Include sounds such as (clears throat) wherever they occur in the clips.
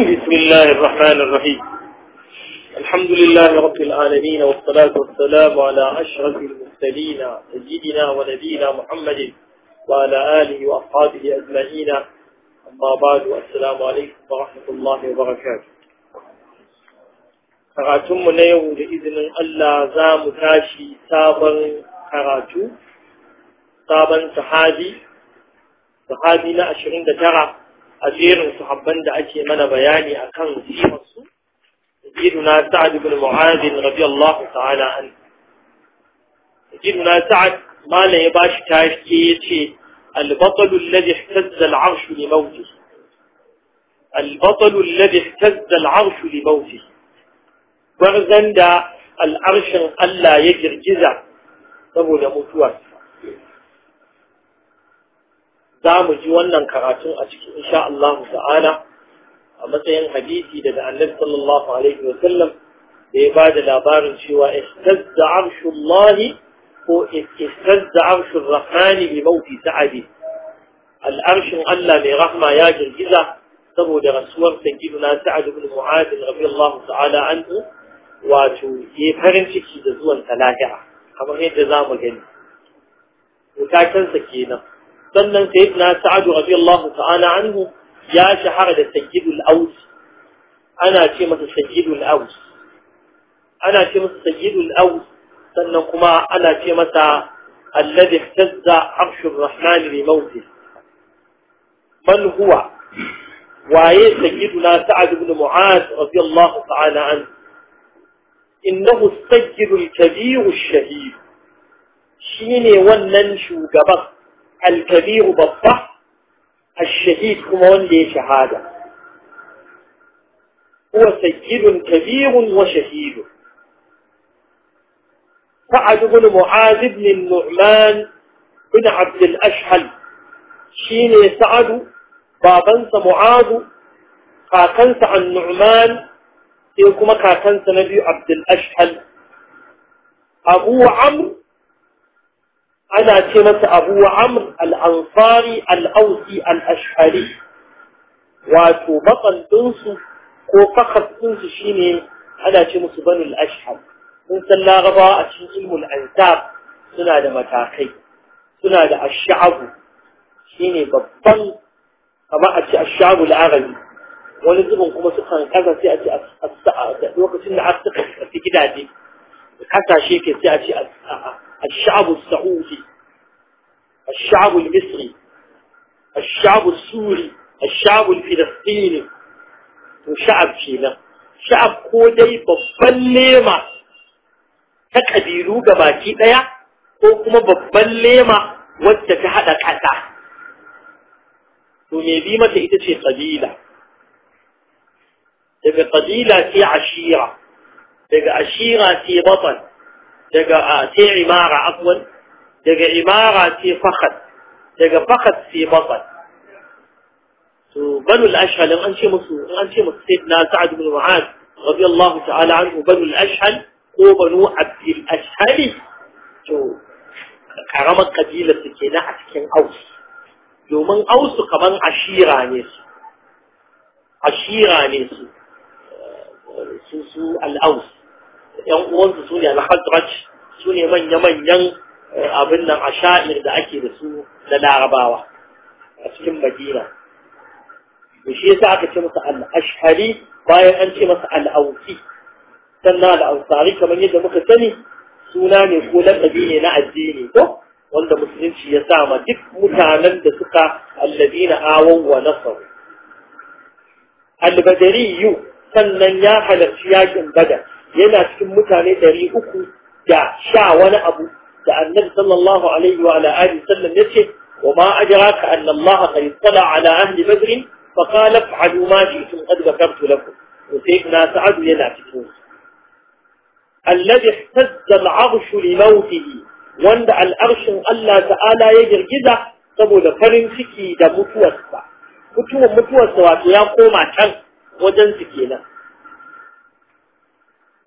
بسم الله الرحمن الرحيم الحمد لله رب العالمين والصلاة والسلام على أشرف المرسلين سيدنا ونبينا محمد وعلى آله وأصحابه أجمعين أما بعد والسلام عليكم ورحمة الله وبركاته karatunmu na yau da izinin Allah za mu tashi sabon karatu, sabon sahabi, sahabi na ashirin da tara a jerin sahabban da ake mana bayani akan sifarsu سيدنا سعد بن معاذ رضي الله تعالى عنه سيدنا سعد ما لا يباش تاشكي البطل الذي اهتز العرش لموته البطل الذي اهتز العرش لموته gwarzan da al'arshin Allah ya girgiza saboda mutuwarsa za mu ji wannan karatun a cikin insha Allah ta'ala a matsayin hadisi daga annabi sallallahu alaihi wa sallam da ya ba da labarin cewa istazza arshullahi ko istazza arshur rahmani bi mauti sa'adi al'arshin Allah mai rahma ya girgiza saboda rasuwar sangiduna sa'ad ibn mu'adh radiyallahu ta'ala anhu wato ya farin ciki da zuwan talahira kamar yadda za mu gani mutakensa kenan sannan sai ibn sa'adu radiyallahu ta'ala anhu ya shahara da sajidul aus ana ce masa sajidul aus ana ce masa sajidul aus sannan kuma ana ce masa alladhi ihtazza arshur rahman li mawtih man huwa waye sayyiduna sa'ad ibn mu'az radiyallahu ta'ala anhu innahu sayyidul kabir ash-shahid shine wannan shugaban الكبير babba الشهيد كما وندي شهادة هو سيد كبير وشهيد سعد بن معاذ بن النعمان بن عبد الأشهل شين سعد بابنس معاذ قاكنس عن النعمان سيكما قاكنس نبي عبد الأشهل أبو عمرو أنا تمت أبو عمر الأنصاري الأوسي الأشهري واتو بطن تنسو وفخت تنسو شيني أنا تمت بني الأشهر من سلا غضاء تنسو الأنساب سنة متاقي سنة الشعب شيني ببطن كما أتي الشعب الأغلي ونزبن كما سبحان كذا سيأتي الساعة وقت إن عصق في كدادي حتى شيكي سيأتي الساعة الشعب السعودي الشعب المصري الشعب السوري الشعب الفلسطيني وشعب شيلة شعب كودي ببليمة تكديرو قباكي ليا وكما ببليمة واتكها لكتا ونبيمة إتشي قبيلة تبقى قبيلة في عشيرة تبقى عشيرة في بطن دقة آه، تي عمارة أفضل دقة عمارة تي فخد دقة فخد تي بطل بنو الأشهل إن أنشي مصر إن أنشي مصر سيدنا سعد بن معاذ رضي الله تعالى عنه بنو الأشهل هو بنو عبد الأشهل جو كرم قبيلة كنا عتكن أوس جو من أوس كمان عشيرة نيس عشيرة نيس آه، سوسو الأوس yan uwansu su ne al-hazraj su ne manya-manyan abin nan a sha'ir da ake da su na larabawa a cikin madina da shi yasa aka ce masa al-ashhari bayan an ce masa al-ausi sannan al-ansari kamar yadda muka sani suna ne ko lakabi ne na addini ko wanda musulunci ya sa ma duk mutanen da suka alladina awon wa nasaru al-badariyu sannan ya halarci yakin badar yana cikin mutane 300 da sha wani abu da annabi sallallahu alaihi wa ala alihi sallam yace wa ma ajraka anna allaha qad tala ala ahli badr fa qala fa'alu ma shi'tum qad ghafartu lakum to sai na sa'adu yana cikin alladhi ihtazza al'arshu li mawtihi wanda al'arshin Allah ta'ala ya girgiza saboda farin ciki da mutuwarsa mutuwar mutuwarsa wato ya koma can wajen su kenan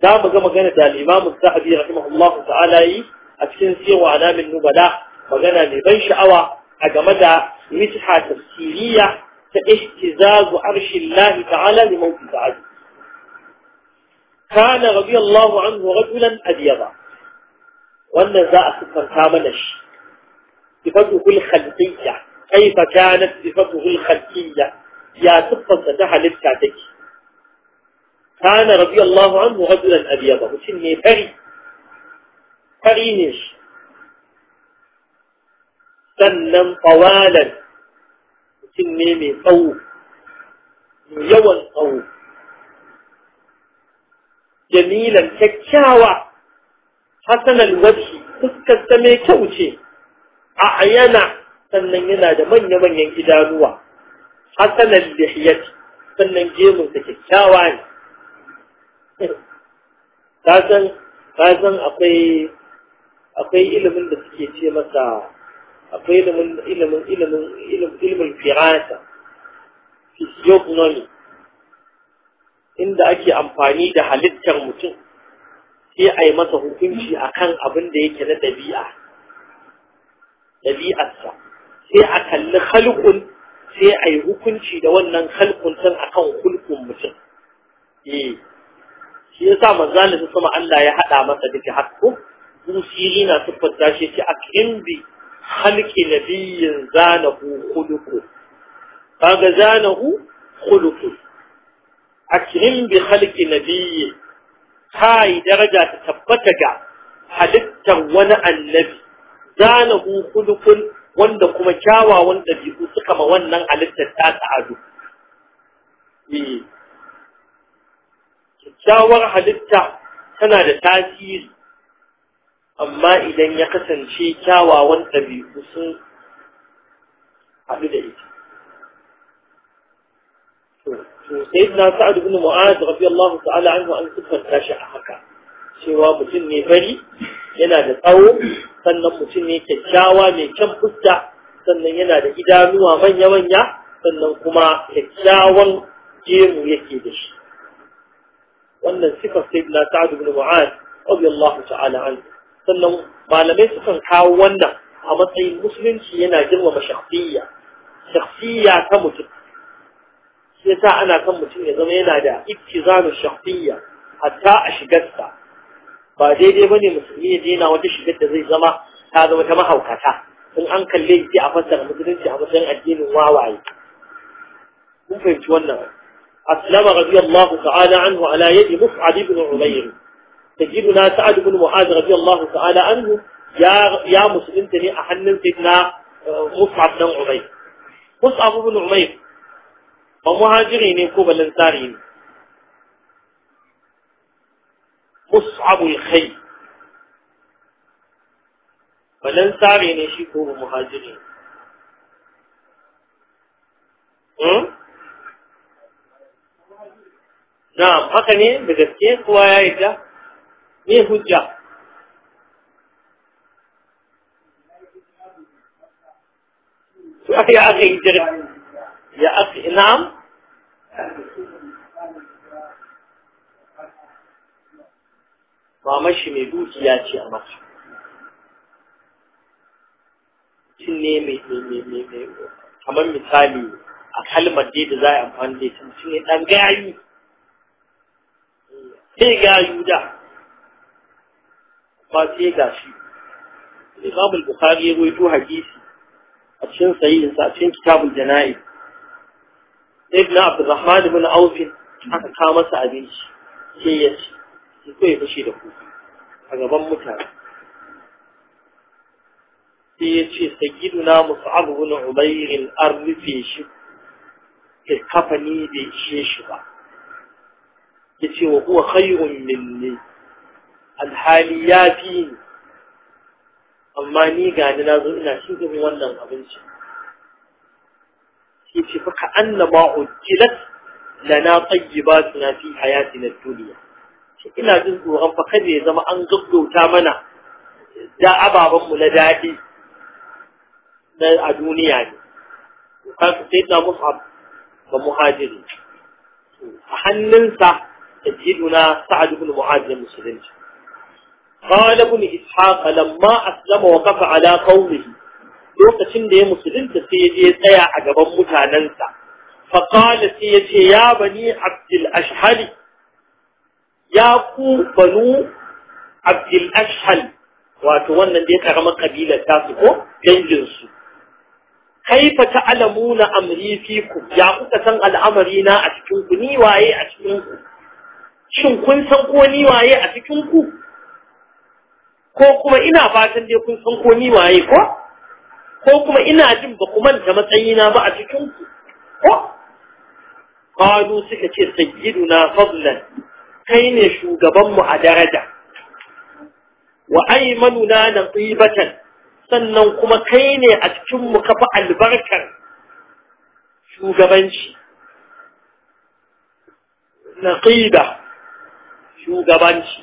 za mu ga magana da al-Imam Sa'di rahimahullahu ta'ala yi a cikin sirru alamin nubala magana ne ban sha'awa a game da misha tafsiriyya ta ihtizazu arshillahi ta'ala li mawqi sa'd kana radiyallahu anhu rajulan abyada wannan za a sukanta mana shi sifatuhu al-khalqiyya kaifa kanat sifatu al-khalqiyya ya siffanta ta halitta take kana radiyallahu anhu rajulan abyada mutum ne fari fari ne shi sannan tawalan mutum ne mai tsawo yawan tsawo jamilan kyakkyawa hasanal wajhi fuskarsa mai kyau ce a yana. sannan yana da manya-manyan idanuwa hasanal lihiyati sannan gemunsa kyakkyawa ne kasan kasan akwai akwai ilimin da suke ce masa akwai ilimin ilimin ilimin ilimin firansa physiognomy inda ake amfani da halittar mutum sai a yi masa hukunci a kan abin da yake na ɗabi'a ɗabi'arsa sai a kalli halkun sai a yi hukunci da wannan halkun a kan hulkun mutum eh shi yasa manzali su sama Allah ya haɗa masa duka hakku musiri na siffanta shi ce kin bi halki nabiyyin zanahu khuluqu kaga zanahu a kin bi halki ta yi daraja ta tabbata ga halittar wani annabi zanahu kuluku wanda kuma kyawawan ɗabi'u suka ma wannan halittar ta ta'adu eh. kyakkyawar halitta tana da tasiri amma idan ya kasance kyawawan ɗabi'u sun haɗu da ita to sai na sa'ad ibn mu'az radiyallahu ta'ala anhu an siffanta shi a haka cewa mutum ne bari? yana da tsawo sannan mutum ne kyakkyawa mai kyan fuska sannan yana da idanuwa manya-manya sannan kuma kyakkyawan gemu yake da shi wannan sifar sayyidina sa'ad ibn mu'az radiyallahu ta'ala anhu sannan malamai sukan kawo wannan a matsayin musulunci yana girmama shakhsiyya shakhsiyya ta mutum shi yasa ana kan mutum ya zama yana da ittizanu shakhsiyya hatta a shigarsa ba daidai ba ne musulmi ya daina wata shigar da zai zama ta zama ta mahaukata in an kalle shi a fassara musulunci a matsayin addinin wawaye mun fahimci wannan أسلم رضي الله تعالى عنه على يد مصعب بن عمير سيدنا سعد بن معاذ رضي الله تعالى عنه يا يا مسلم تني أحنن سيدنا آه، مصعب بن عمير مصعب بن عمير ومهاجرين كوبا الأنصاريين مصعب الخير فالأنصاريين شكوه مهاجرين Na'am. haka ne da gaske kowa ya yi ta? ne hujja (laughs) ya aka yi جرب يا أخي نعم mamar shi mai dukiya ce a maka cin ne mai kamar misali a kalmar da za a amfani da ita mutum ne ɗan gayu sai ga yuda ba sai ga shi Imam al-Bukhari ya rawaito hadisi a cikin sahihin sa a cikin kitabul jana'i Ibn Abdurrahman ibn Auf aka kawo masa abinci sai ya ci sai ko ya fashe da kuka a gaban mutane sai ya ce sayyiduna Mus'ab ibn Umayr al-Arfi shi kafani bai ishe shi ba يسي وهو خير من الحاليات أما نيقى أن نظرنا سيد من ونن أبنش يسي فكأن ما أجلت لنا طيباتنا في حياتنا الدنيا إلا ذنب وغنف خذي زم أن قبل تامنا جاء أبا رم لدادي من الدنيا يعني. وكان سيدنا مصعب ومهاجرين فحننسى سيدنا سعد بن معاذ المسلم قال ابن إسحاق لما أسلم وقف على قومه لوقة شنده مسلم سيدي سيا عجبا متاننسا فقال سيدي يا بني عبد الأشحل يا كو بنو عبد الأشحل واتوانا ديك رمى قبيلة تاسكو جنجنسو كيف تعلمون أمري فيكم يا كو تسنع الأمرين أشكوكني وأي أشكوكني shin kun san ko ni waye a cikin ku ko kuma ina fatan dai kun san ko ni waye ko ko kuma ina jin ba ku manta matsayina ba a cikin ku ko qalu suka ce sayyiduna fadlan kai ne shugaban mu a daraja wa aymanuna naqibatan sannan kuma kai ne a cikin mu kafa albarkar shugabanci naqiba shugabanci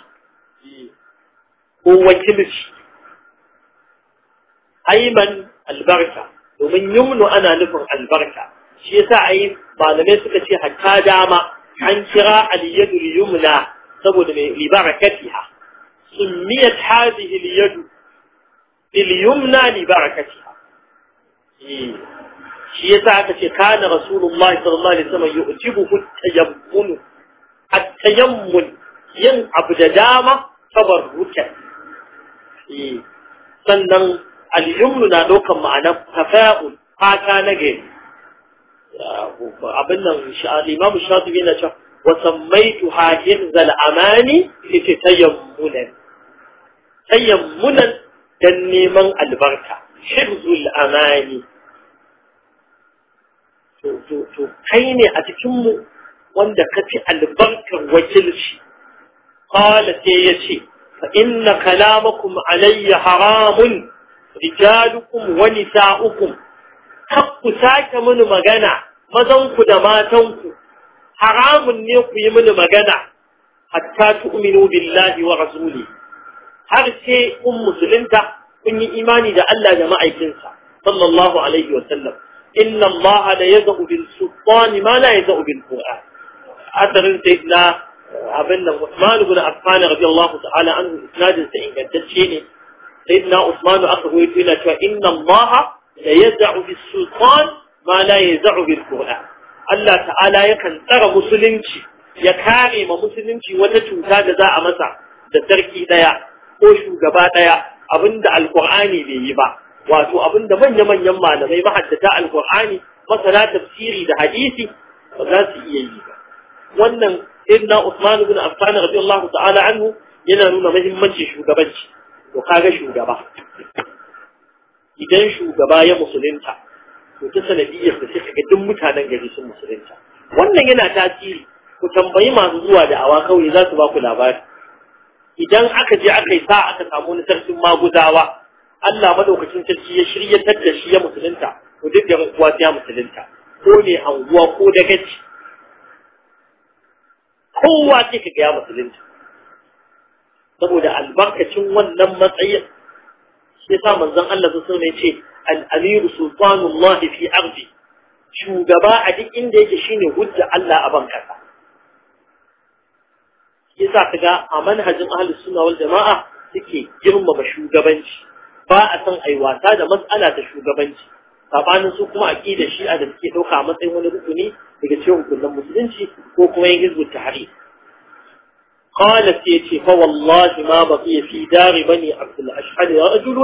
ko wakilci aiman albarka domin yumnu ana nufin albarka shi yasa yi malamai suka ce hatta dama an kira aliyadul yumna saboda mai libarakatiha summiyat hadhihi aliyadu bil yumna ha. Eh, shi yasa aka ce kana rasulullahi sallallahu alaihi wasallam yu'jibuhu at-tayammun at-tayammun yin abu da dama sabar ruken eh, sannan al na ɗaukar ma'anar tafa'ul fata na gari abin nan imamu shafi yana cewa وسميتها حافظ الأماني في تيمنا don neman albarka, حفظ zul'amani to kai ne a cikinmu wanda ka ci albarkar wakilci qala sai yace fa inna kalamakum alayya haramun rijalukum wa nisa'ukum ku sake mini magana mazanku da matanku haramun ne ku yi mini magana hatta tu'minu billahi wa rasuli har sai kun musulunta kun yi imani da Allah da ma'aikinsa sallallahu alaihi wa sallam inna Allah la yad'u bil sultani ma la yad'u bil qur'an asarin sayyidina abin nan Usman ibn Affan radiyallahu ta'ala anhu isnadin sa ingantacce ne na Usman aka goyi yana cewa inna Allah la yaz'u bis sultan ma la yaz'u bil qur'an Allah ta'ala yakan tsara musulunci ya kare ma musulunci wata cuta da za a masa da sarki daya ko shugaba daya abinda alqur'ani bai yi ba wato abinda manya-manyan malamai mahaddata alqur'ani masana tafsiri da hadisi ba za su iya yi ba wannan Inna Usman ibn Affan radiyallahu ta'ala anhu yana nuna muhimmancin shugabanci to kaga shugaba idan shugaba ya musulunta to ta sanadiyyar da suka ga duk mutanen gari sun musulunta wannan yana tasiri ku tambayi masu zuwa da awa kawai za su ba ku labari idan aka je aka yi sa aka samu na sarkin maguzawa Allah madaukakin sarki ya shiryatar da ya musulunta to duk da kuwa ya musulunta ko ne anguwa ko dagaci. kowa ce ka gaya musulunci saboda albarkacin wannan matsayin sai sa manzon Allah sun ne ce al'amiru amiru sultanullahi fi shugaba a duk inda yake shine hujja Allah a ban kasa yasa kaga a manhajin ahlus sunna wal jamaa suke girmama shugabanci ba a san ai wasa da matsala ta shugabanci sabanin su kuma aqida shi'a da suke ɗauka a matsayin wani rukuni daga cikin kullum musulunci ko kuma yin hizbul tahrir قالت يتي فوالله ما بقي في دار بني عبد الأشحل رجل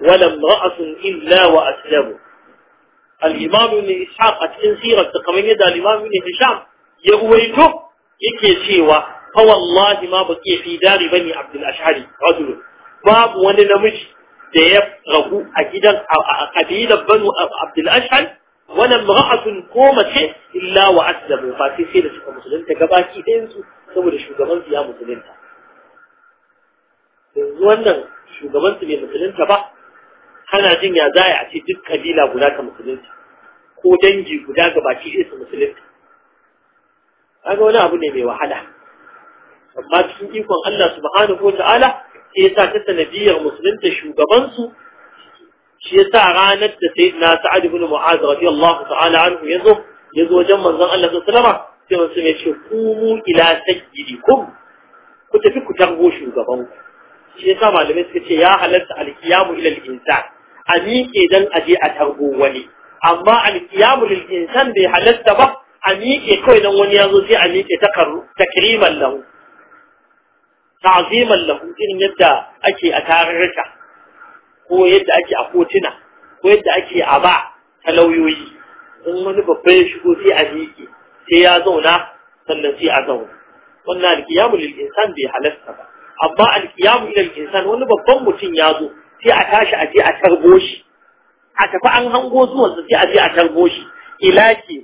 ولا امرأة إلا وأسلموا الإمام بن إسحاق أتكن سيرة كمان يدى الإمام بن هشام يرويته يكي سيوة فوالله ما بقي في دار بني عبد الأشحل رجل باب وننمج da ya ragu a gidan a kabilar banu abdul ashal wani ma'atun ko mace illa wa aslamu ba sai da suka musulunta gabaki ɗayansu saboda shugaban su ya musulunta yanzu wannan shugaban su bai musulunta ba hana jin ya zaya a ce duk kabila guda ka musulunta ko dangi guda gabaki ɗaya su musulunta kaga wani abu ne mai wahala amma cikin ikon Allah subhanahu wa ta'ala sai sa ta sanadiyar musulunta shugabansu shi yasa ranar da sayyidina sa'ad ibn mu'az radiyallahu ta'ala anhu yazo yazo wajen manzon Allah sallallahu alaihi wasallam sai ya ce kumu ila sayyidikum ku tafi ku tango shugaban ku shi yasa malamai suka ce ya halatta alkiyamu ila al-insan a miƙe dan aje a targo wani amma alkiyamu lil insan bai halatta ba a miƙe kawai dan wani yazo sai a miƙe takarru takriman lahu ta'ziman lahu irin yadda ake a tarurruka ko yadda ake a kotuna ko yadda ake a ba ta lauyoyi in wani babba ya shigo sai a miƙe sai ya zauna sannan sai a zauna wannan alkiyamu lil insan bai halasta ba amma alkiyamu lil insan wani babban mutum ya zo sai a tashi a je a tarbo shi a tafi an hango zuwansa sai a je a tarbo shi ila ke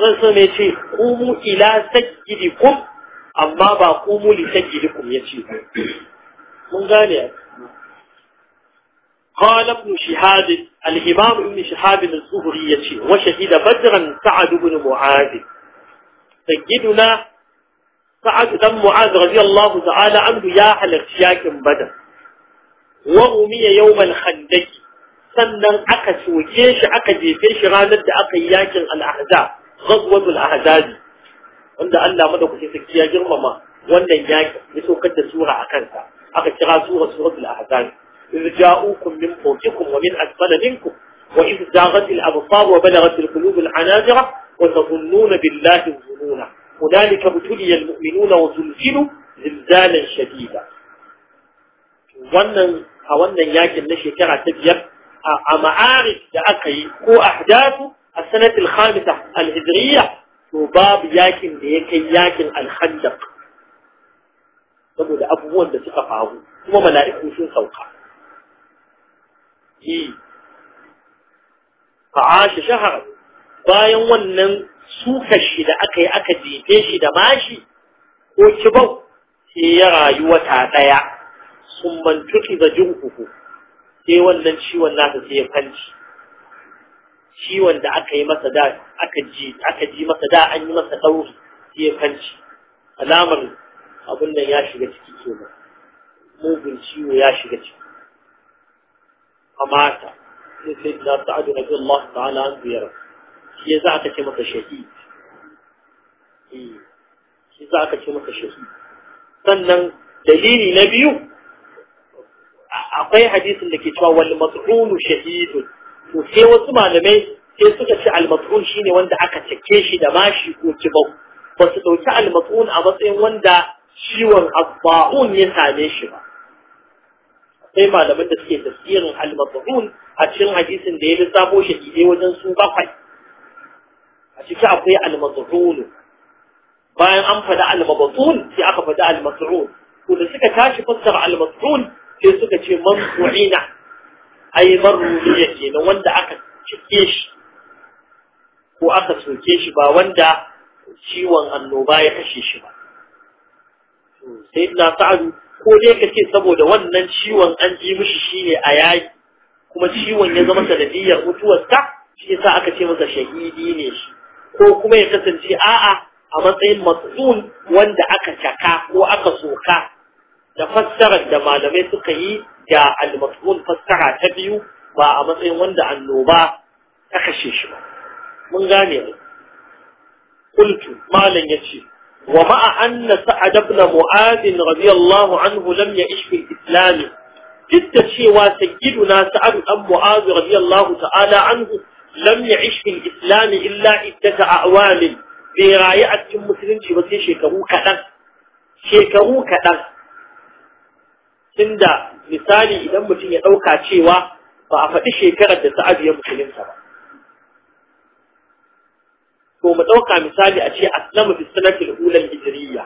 zan so ne ce kumu ila sajjidikum amma ba kumu li sajjidikum ya ce mun gane قال ابن شهاب الإمام ابن شهاب الزهري وشهد بدرا سعد بن معاذ سيدنا سعد بن معاذ رضي الله تعالى عنه يا حلق شاك بدر ورمي يوم الخندق sannan aka soke shi aka jefe shi ranar da aka yi yakin al'ahza zazwatul ahzabi wanda Allah madaukake sarki ya girmama wannan yakin ya sokar da sura a kansa aka kira sura suratul ahzabi إذ جاءوكم من فوقكم ومن أسفل منكم وإذ زاغت الأبصار وبلغت القلوب العناجر وتظنون بالله الظنون هنالك ابتلي المؤمنون وزلزلوا زلزالا شديدا wannan a wannan yakin na shekara ta biyar a ma'arif da aka yi ko ahdathu a sanatul khamisa al-hijriyya to babu yakin da ya kai yakin al-khandaq saboda abubuwan da suka faru kuma mala'iku sun sauka A fa'asha shahar bayan wannan suka shi da aka yi aka jefe shi da mashi ko kibau ke ya rayu wata ɗaya sun mantuki da jinkuku sai wannan ciwon nasa sai ya fanci ciwon da aka yi masa da aka ji aka ji masa da an yi masa ɗauri sai ya fanci alamar abin nan ya shiga ciki kenan mugun ciwo ya shiga ciki فمات سيدنا na رضي الله تعالى عنه يرى shi za aka ce maka shahid eh, shi za aka ce maka shahid sannan dalili na biyu akwai hadisin da ke cewa wal mat'ulu shahidun to sai wasu malamai sai suka ce al mat'ul shine wanda aka cike shi da mashi ko kibau ba su ɗauki al mat'ul a matsayin wanda ciwon abba'un ya same shi ba Sai malaman da suke tafsirin al-mazmun a cikin hadisin da ya lissafo shahidai wajen su bakwai a ciki akwai al-mazmun bayan an faɗi al-mabtun sai aka faɗi al-masrun to da suka tashi fassara al-masrun sai suka ce mansu'ina ai marruliya kenan wanda aka cike shi ko aka soke shi ba wanda ciwon annoba ya kashe shi ba sai na sa'adu ko dai ka ce saboda wannan ciwon an ji mishi shine a yayi kuma ciwon ya zama sanadiyar mutuwarsa shi yasa aka ce masa shahidi ne shi ko kuma ya kasance a'a a matsayin matsun wanda aka caka ko aka soka da fassarar da malamai suka yi da al fassara ta biyu ba a matsayin wanda annoba ta kashe shi ba mun gane mu kultu malam yace ومع أن سعد بن معاذ رضي الله عنه لم يعش في الإسلام جدا شيوا سيدنا سعد بن معاذ رضي الله تعالى عنه لم يعش في الإسلام إلا عدة أعوام برايعة مسلم شبكي شيكهو كدن شيكهو كدن tunda misali idan mutum ya ɗauka cewa ba a سعد shekarar مسلم sa'adu to mu ɗauka misali a ce aslamu fi sanatil ulal hijriya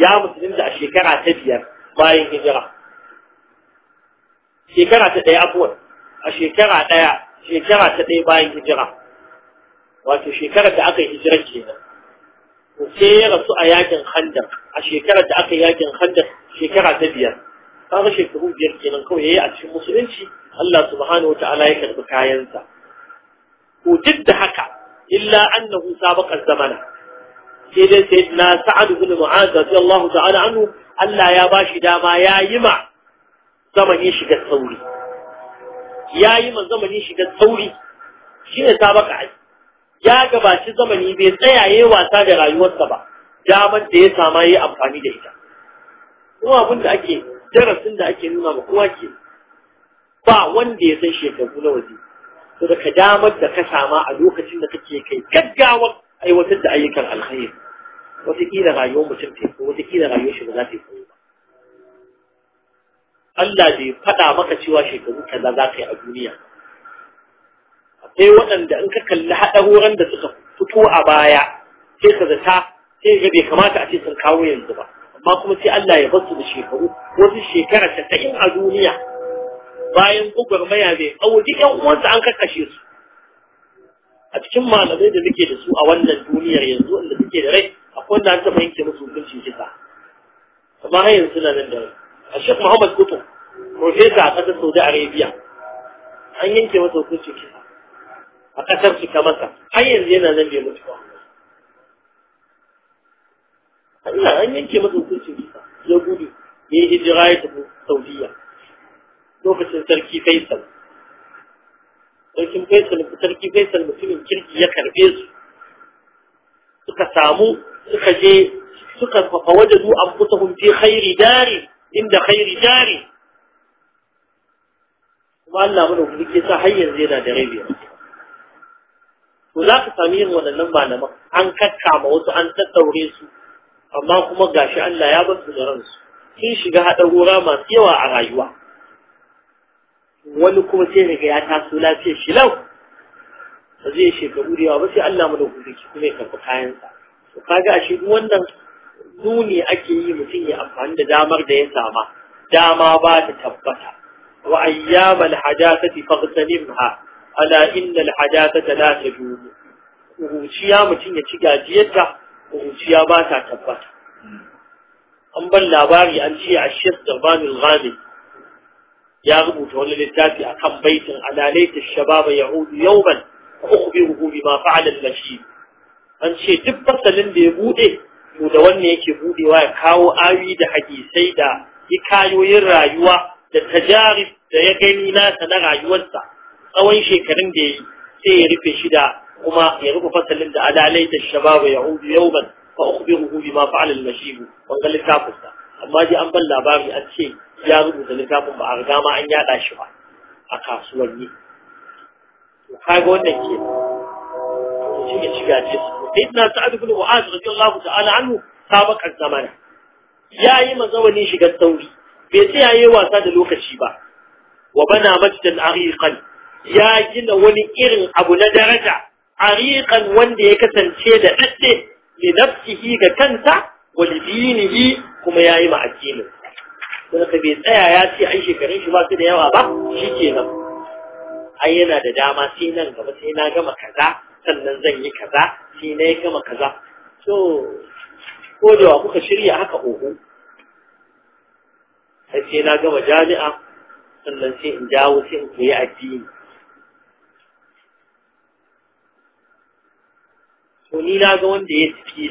ya musulun da a shekara ta biyar bayan hijira shekara ta ɗaya abuwan a shekara ɗaya shekara ta ɗaya bayan hijira wato shekarar da aka yi hijirar kenan to sai ya rasu a yakin handak a shekarar da aka yi yakin handak shekara ta biyar kaga shekaru biyar kenan kawai ya yi a cikin musulunci Allah subhanahu wa ta'ala ya karɓi kayansa to duk da haka illa annahu sabaqa zamana sai dai sai na sa'ad ibn mu'az radiyallahu ta'ala anhu Allah ya bashi dama ya yi ma zamanin shiga sauri ya yi ma zamanin shiga sauri shine sabaqa ai ya gabaci zamani bai tsayaye wasa da rayuwarsa ba damar da ya sama amfani da ita kuma abin da ake darasin da ake nuna ma kowa ke ba wanda ya san shekaru na waje to ka damar da ka sama a lokacin da kake kai gaggawar aiwatar da ayyukan alkhairi wataƙila rayuwar mutum ta ko wataƙila rayuwar shi ba za ta yi ba Allah bai faɗa maka cewa shekaru kaza za ka yi a duniya akwai waɗanda in ka kalli haɗaroran da suka fito a baya sai ka zata sai ga bai kamata a ce sun kawo yanzu ba amma kuma sai Allah ya basu da shekaru wasu shekara 90 a duniya bayan gwagwarmaya mai auri yan uwansa an karkashe su a cikin malamai da muke da su a wannan duniyar yanzu inda suke da rai akwai wanda an taɓa yanke musu hukuncin kisa amma har yanzu suna nan da rai a shek muhammad kutu profesa a ƙasar saudi arabia an yanke masa hukuncin kisa a ƙasar su ta masa har yanzu yana nan bai mutu ba Allah an yanke masa hukuncin kisa ya gudu ya yi hijira ya tafi saudiya lokacin sarki faisal sarkin faisal sarki faisal mutumin kirki ya karbe su suka samu suka je suka fafa wajadu an fusahum fi khairi dari inda khairi dari kuma Allah mana kuma ke sa har yanzu yana da rabi to za ka sami yin waɗannan malaman an kakkama wasu an tattaure su amma kuma gashi Allah ya bar su da ransu sun shiga haɗa masu yawa a rayuwa wani kuma sai daga ya taso lafiyar shi lau ba zai shekaru da yawa ba sai Allah mu da ki? kuma ya karɓi kayansa to kaga a shi wannan nuni ake yi mutum ya amfani da damar da ya sama dama ba ta tabbata wa ayyamal hadathati faghtanimha ala innal hadathata la tajubu kuruciya mutum ya ci gajiyarta kuruciya ba ta tabbata an ban labari an ce a shek da banul ghazali ya rubuta wani littafi akan baitin alalaita shababa yahudu yawman ukhbiruhu bima ma al-bashir an ce duk fasalin da ya bude to da wanne yake budewa ya kawo ayoyi da hadisai da hikayoyin rayuwa da tajarib da ya gani nasa na rayuwarsa tsawon shekarun da ya yi sai ya rufe shi da kuma ya rufe fasalin da alalai da shababa yahudu yawman fa ukhbiruhu bima fa'ala al-bashir wannan littafinsa amma dai an ban labari an ce ya rubuta littafin ba a riga ma an yaɗa shi ba a kasuwanni kaga wannan ke shi ne shiga ce sayyidina sa'ad ibn mu'az radiyallahu ta'ala anhu sabakan zamana yayi mazawani shiga sauri bai tsaya yayi wasa da lokaci ba wa bana masjidan ariqan ya gina wani irin abu na daraja ariqan wanda ya kasance da dadde li nafsihi ga kanta wa li dinihi kuma yayi ma addinin don ka bai tsaya ya ce ai shekarun shi ba su da yawa ba shi ke nan ai yana da dama sai nan gaba sai na gama kaza sannan zan yi kaza sai na yi gama kaza so ko da wa kuka shirya haka hoho sai sai na gama jami'a sannan sai in jawo sai in koyi addini to ni na ga wanda ya fi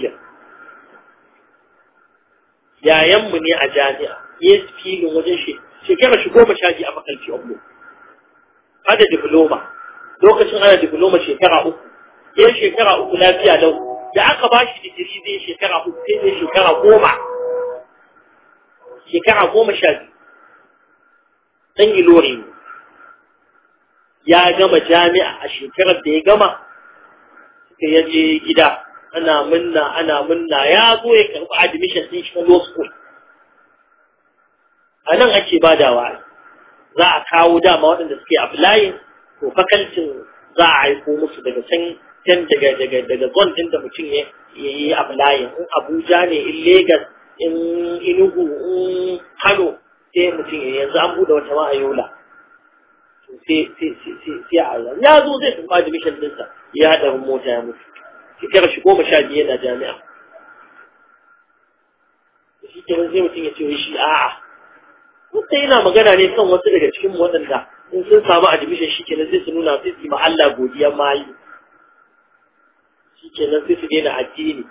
yayanmu ne a jami'a years filin wajen shekara shi goma sha biyu a fakalci oblo hada diploma lokacin ana diploma shekara uku ya shekara uku lafiya lau da aka ba shi digiri zai shekara uku sai zai shekara goma shekara goma sha biyu dan ilore ne ya gama jami'a a shekarar da ya gama suka yaje gida ana munna ana munna ya zo ya karɓi admission din shi na law school a nan ake badawa za a kawo dama waɗanda suke applying to fakalcin za a aiko musu daga can can daga daga daga zon din da mutum ya yi apply in Abuja ne in Lagos in Enugu in Kano sai mutum ya yanzu an buɗe wata ma'ayola sai sai a ya zo zai tafi admission ɗinsa ya ɗarin mota ya mutu kira shi goma sha biyu na jami'a shi kenan sai mutum ya ce shi a'a Wanda yana magana ne kan wasu daga cikin waɗanda in sun samu admission shi kenan sai su nuna sai su ma Allah godiya mayu. Shi kenan sai su daina addini.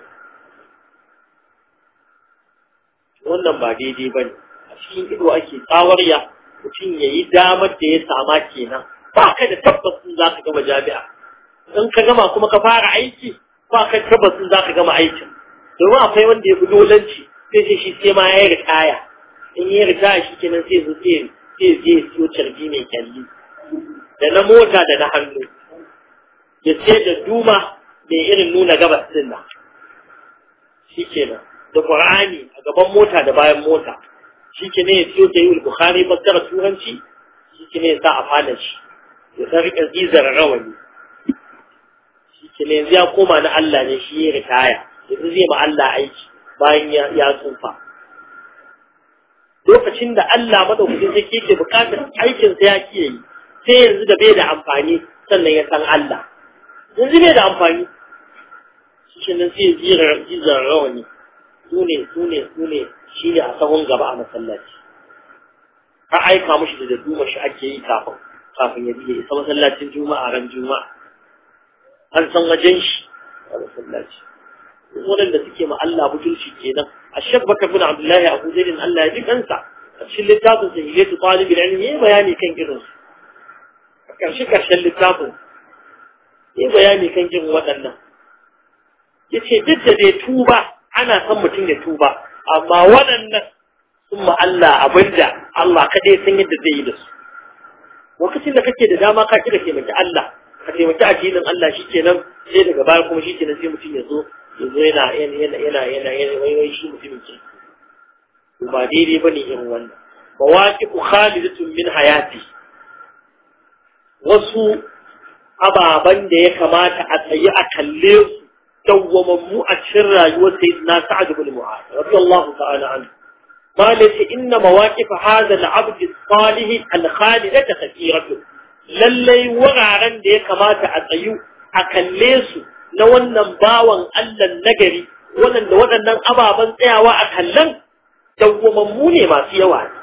Wannan ba daidai ba ne. A cikin ido ake tsawarya mutum ya yi damar da ya sama kenan. Ba ka da sun za ka gama jami'a. In ka gama kuma ka fara aiki ba ka sun za ka gama aikin. Domin akwai wanda ya fi dolanci sai shi sai ma ya yi ritaya. in yi rita shi kenan sai zo sai sai je siyo carbi mai kyalli da na mota da na hannu ya ce da duma mai irin nuna gabas din nan shi kenan da qur'ani a gaban mota da bayan mota shi kenan ya siyo yi bukhari bakkar turanci shi kenan ya sa a fadar shi ya sa rika zizar rawani shi kenan yanzu ya koma na Allah ne shi ya ritaya yanzu zai ma Allah aiki bayan ya tsufa lokacin da Allah madaukakin sarki yake bukatar aikin sa ya kiye yi sai yanzu da bai da amfani sannan ya san Allah yanzu bai da amfani shi nan sai jira jira rawani sune sune sune shi ne a sahun gaba a masallaci a aika mushi da duma shi ake yi kafin kafin ya biye isa masallacin juma'a ran juma'a an san wajen shi a masallaci waɗanda suke ma Allah butulci kenan ashab baka bin abdullahi abu zaidin Allah ya ji kansa a cikin littafin sa hilatu talibul ilmi yi bayani kan irin su a karshe ƙarshen littafin yi bayani kan irin waɗannan yace duk da dai tuba ana son mutum ya tuba amma waɗannan sun ma Allah abinda Allah kaɗai san yadda zai yi da su lokacin da kake da dama ka kira ke Allah ka taimaki addinin Allah shikenan sai daga baya kuma shikenan sai mutum ya zo yanzu yana yana yana yana yana yana shi mutumin ke ba daidai ba ne irin wannan mawaki ku khalidatun min hayati wasu ababen da ya kamata a tsayi a kalle su dawwamammu a cikin rayuwar sayyidina sa'ad ibn mu'adh radiyallahu ta'ala anhu قالت إن مواقف هذا العبد الصالح الخالدة كثيرة للي وغعرن دي كما تعطيو أكليسو na wannan bawan Allah nagari waɗanda waɗannan ababen tsayawa a kallon dawwamammu ne masu yawa ne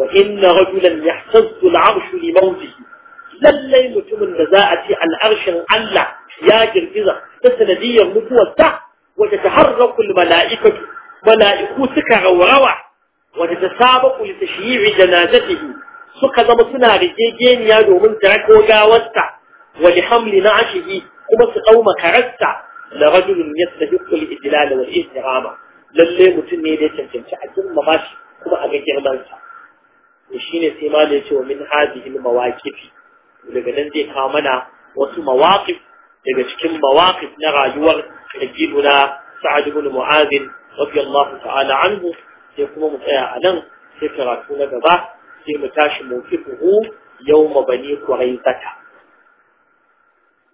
wa inna rajulan yahtazzu al'arshu li mawtihi lallai mutumin da za a ce al'arshin Allah ya girgiza ta sanadiyar mutuwarta wata ta harrakul mala'ikatu mala'iku suka raurawa wata ta sabaku li tashyi'i janazatihi suka zama suna rigegeniya domin ta gawarta ولحمل نعشه كما سقوم كرسة لرجل يستحق الإدلال والإهترام للي متني ليس تنشع ثم ماشي كما أغير منسى وشين سيما ليس ومن هذه المواقف لقد نزي كامنا وسو مواقف daga cikin mawakif na rayuwar na sa'ad ibn mu'adh radiyallahu ta'ala anhu sai kuma mu tsaya a nan sai karatu na gaba sai mu tashi mawqifuhu yawma bani quraizata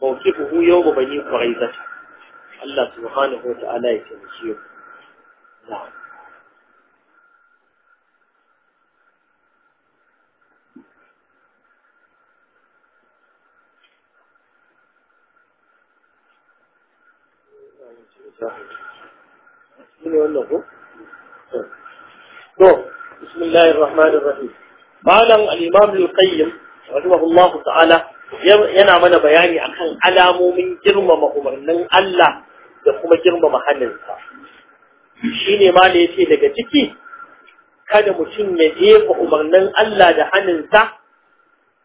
موقفه يوم بني قريظة الله سبحانه وتعالى يتمشيه نعم, نعم. بسم الله الرحمن الرحيم قال الإمام القيم رحمه الله تعالى yana mana bayani akan alamomin girmama umarnin Allah da kuma girmama hannunsa shi ne ma da ya ce daga ciki kada mutum ya jefa umarnin Allah da hannunsa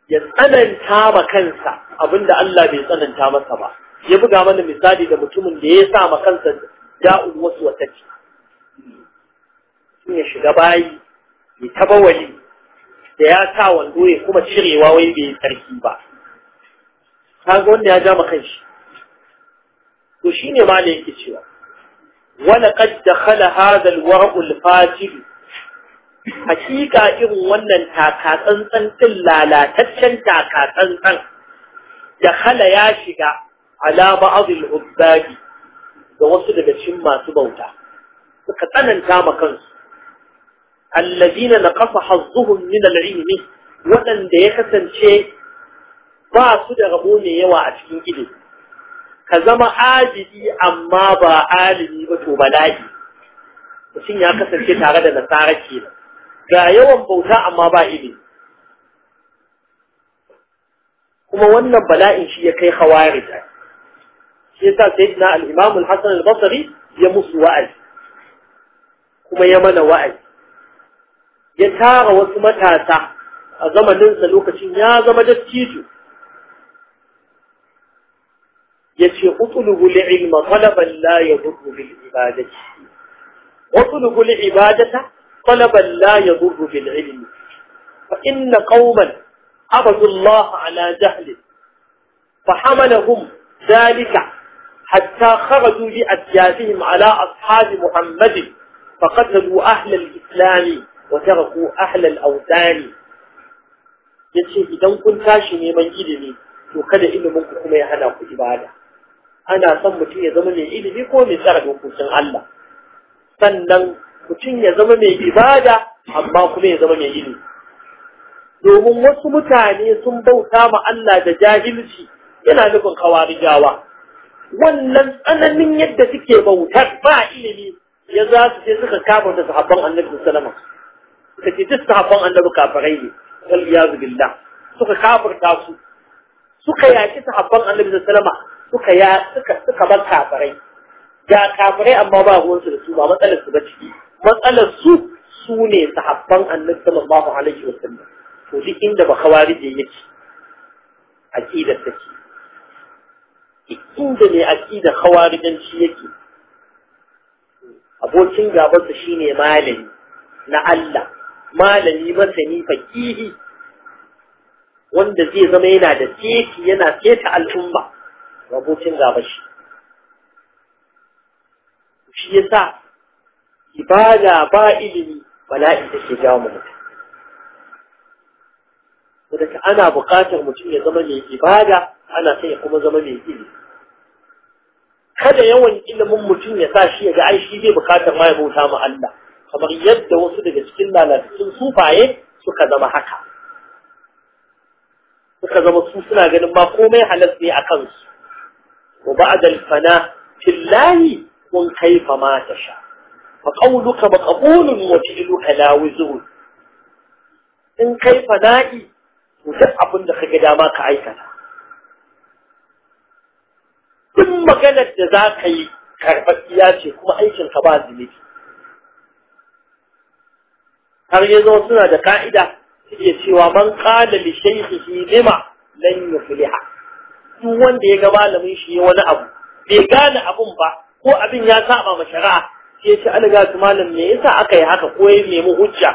ya tsananta ma kansa abinda Allah bai tsananta masa ba ya buga mana misali da mutumin da ya sa ma kansa da'ul wasu watacci sun ya shiga bayi ya taba wali da ya sa wando ya kuma cirewa wai bai yi tsarki ba kaga wanda ya ja ma shi to shine malai yake cewa wala qad dakhala hadha alwara'u alfajir hakika irin wannan takatsantsan din lalataccen takatsantsan dakhala ya shiga ala ba'd al da wasu daga cikin masu bauta suka tsananta ma kansu alladina naqasa hazzuhum min al-ilmi wadanda ya kasance ba su da rabo mai yawa a cikin ido ka zama ajiji amma ba alimi ba to bala'i mutum ya kasance tare da nasara kenan ga yawan bauta amma ba ilimi kuma wannan bala'in shi ya kai khawarij shi yasa sayyidina al-imam al-hasan al-basri ya musu wa'azi kuma ya mana wa'azi ya tara wasu matasa a zamaninsa lokacin ya zama dattijo yace utlubu al-ilma talaban la yadurru bil ibadati utlubu al-ibadata talaban la yadurru bil ilmi fa inna qauman abadu Allah ala jahl fa hamalahum dhalika حتى خرجوا لأجيالهم على أصحاب محمد فقتلوا أهل الإسلام وتركوا أهل الأوثان yace idan kun tashi neman ilimi to kada ilimin ku kuma ya hana ku ibada ana son mutum ya zama mai ilimi ko mai tsara dokokin Allah sannan mutum ya zama mai ibada amma kuma ya zama mai ilimi domin wasu mutane sun bauta ma Allah da jahilci yana nufin kawarijawa wannan tsananin yadda suke bautar ba ilimi ya za su ce suka kama da sahabban annabi sallama suka ce duk sahabban annabi kafirai ne wal zubillah suka kafirta su suka yaki sahabban annabi sallama suka ya suka suka bar kafirai ga kafirai amma ba ruwansu da su ba matsalar su ba ciki matsalar su su ne sahabban annabi sallallahu alaihi wasallam to duk inda ba kawarije yake aqidar take inda ne aqidar shi yake abokin gabansa shine malami na Allah malami masani fakihi wanda zai zama yana da teki yana keta al'umma rabocin gaba shi shi sa ibada ba ilimi bala'i da ke jawo mutum ta ana bukatar mutum ya zama mai ibada ana sai ya kuma zama mai ilimi kada yawan ilimin mutum ya sa shi ya ga aishi zai bukatar ma ya bauta ma Allah kamar yadda wasu daga cikin lalatattun sufaye suka zama haka suka zama su suna ganin ma komai halas ne a kansu وبعد الفناء في الله كن كيف ما تشاء فقولك مقبول وفعلك لا وزول إن كيف نائي وتفعب عندك ما عيكنا ثم كانت جزاكي كربكياتي كما عيش الخباز لك أريدو سنة قائدة سوى من قال لشيخه لما لن يفلحك duk wanda ya ga malamin shi ya wani abu bai gane abun ba ko abin ya saba ma shari'a sai ce an ga malam me yasa aka yi haka ko ya nemi hujja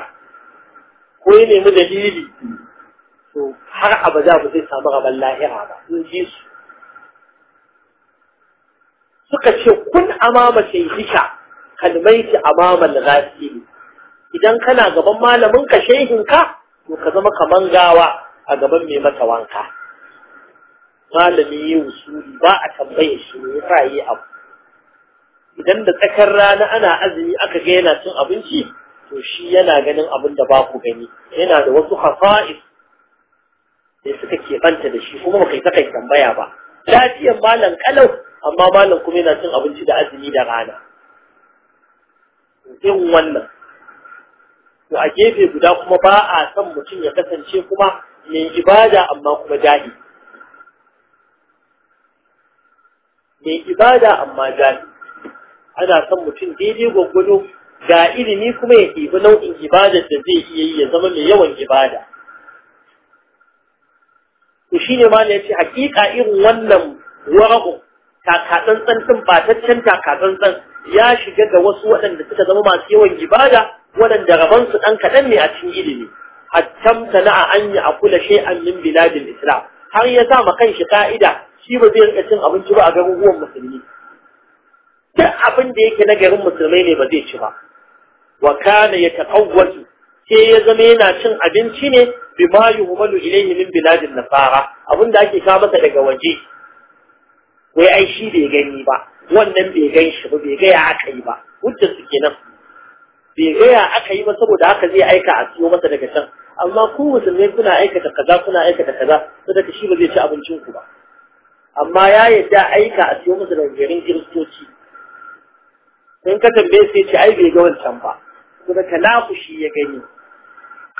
ko ya nemi dalili to har abada ba zai samu rabon lahira ba sun ji su suka ce kun amama shaykhisha kalmaiti amama al-ghasili idan kana gaban malamin ka shehin ka to ka zama kaman gawa a gaban mai mata wanka malami ya usuli ba a tambaye shi ne ya yi abu idan da tsakar rana ana azumi aka ga yana cin abinci to shi yana ganin abin da ba ku gani yana da wasu hafa'is da suka banta da shi kuma ba kai kai tambaya ba lafiyan malam kalau amma malam kuma yana cin abinci da azumi da rana in wannan to a gefe guda kuma ba a son mutum ya kasance kuma mai ibada amma kuma jahili mai ibada amma jani ana son mutum daidai gwaggwado ga ilimi kuma ya ɗibi nau'in ibada da zai iya yi ya zama mai yawan ibada to ma ya ce hakika irin wannan wara'u takatsantsan tun bataccen takatsantsan ya shiga ga wasu waɗanda suka zama masu yawan ibada waɗanda rabon su ɗan kaɗan ne a cikin ilimi hattamta na an yi kula shay'an min biladin islam har ya sa ma shi ka'ida shi ba zai rika cin abinci ba a garuruwan musulmi duk abin da yake na garin musulmai ne ba zai ci ba wa kana ya taqawwatu sai ya zama yana cin abinci ne bima yuhmalu ilayhi min biladin nasara abin da ake kawo masa daga waje wai ai shi bai gani ba wannan bai gan shi ba bai ga aka yi ba hujjar su kenan bai ga aka yi ba saboda haka zai aika a siyo masa daga can amma ku musulmai kuna aikata kaza kuna aikata kaza saboda shi ba zai ci abincin ku ba amma ya yadda aika a siyo musu kiristoci in ka tambaye sai ce ai bai ga wancan ba kuma talakushi ya gani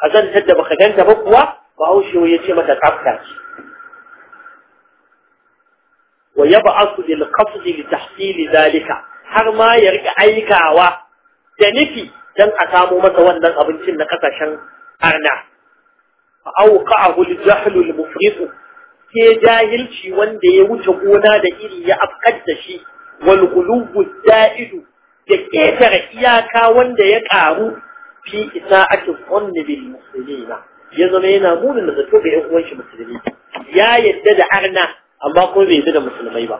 kazantar da baka ganta ba kuwa bahaushe ya ce mata tsafta ce wa yab'asu lil qasdi li tahsil zalika har ma ya rika aikawa da nufi dan a samo masa wannan abincin na kasashen arna fa awqa'ahu a jahl al mufrisu sai jahilci wanda ya wuce gona da iri ya afkar da shi wal da'idu da ketare iyaka wanda ya karu fi ake qanni bil muslimina ya zama yana munin da zato ga yan shi musulmi ya yadda da arna amma kuma bai yadda da musulmai ba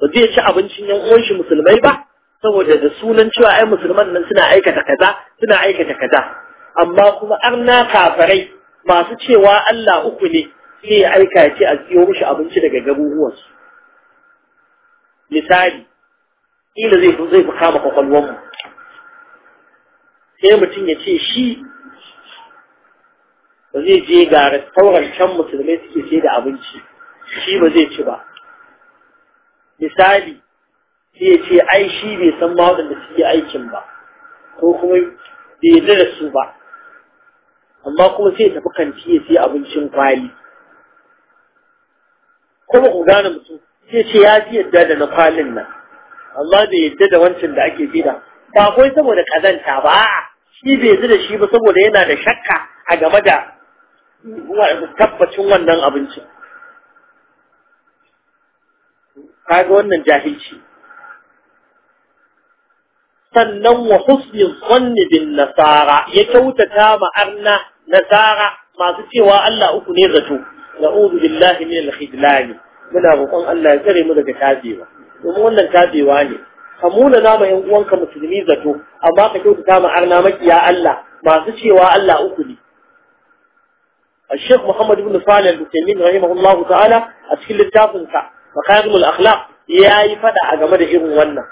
ba zai ci abincin yan uwan shi musulmai ba saboda da sunan cewa ai musulman nan suna aikata kaza suna aikata kaza amma kuma arna kafarai masu cewa Allah uku ne ke ya aika ce a tsiyo mushi abinci daga garuruwansu misali ina zai fi zai fi kama kwakwalwanmu? sai mutum ya ce shi ba zai je ga restaurant can musulmai suke sai da abinci shi ba zai ci ba misali sai ya ce ai shi bai san ma waɗanda suke aikin ba ko kuma bai da su ba amma kuma sai tafi kanti ya sai abincin kwali kuma ku gane mutum sai ce ya ji yadda da na kwalin nan amma bai yadda da wancan da ake bida ba kawai saboda kazanta ba shi bai ji da shi ba saboda yana da shakka a game da tabbacin wannan abincin kaga wannan jahilci sannan wa husbin zanni bin nasara ya kyautata ma نسارة ما تتوى الله أكوني غتو نعوذ بالله من الخدلان من أغطان الله يسري مدك كاذبا ومولا كاذباني همولا ناما ينقوانك مسلمي غتو أما تكوت كاما أرنامك يا الله ما تتوى الله أكوني الشيخ محمد بن صالح المسلمين رحمه الله تعالى أتكل التافنك مقادم الأخلاق ياي فدع أجمد إرواننا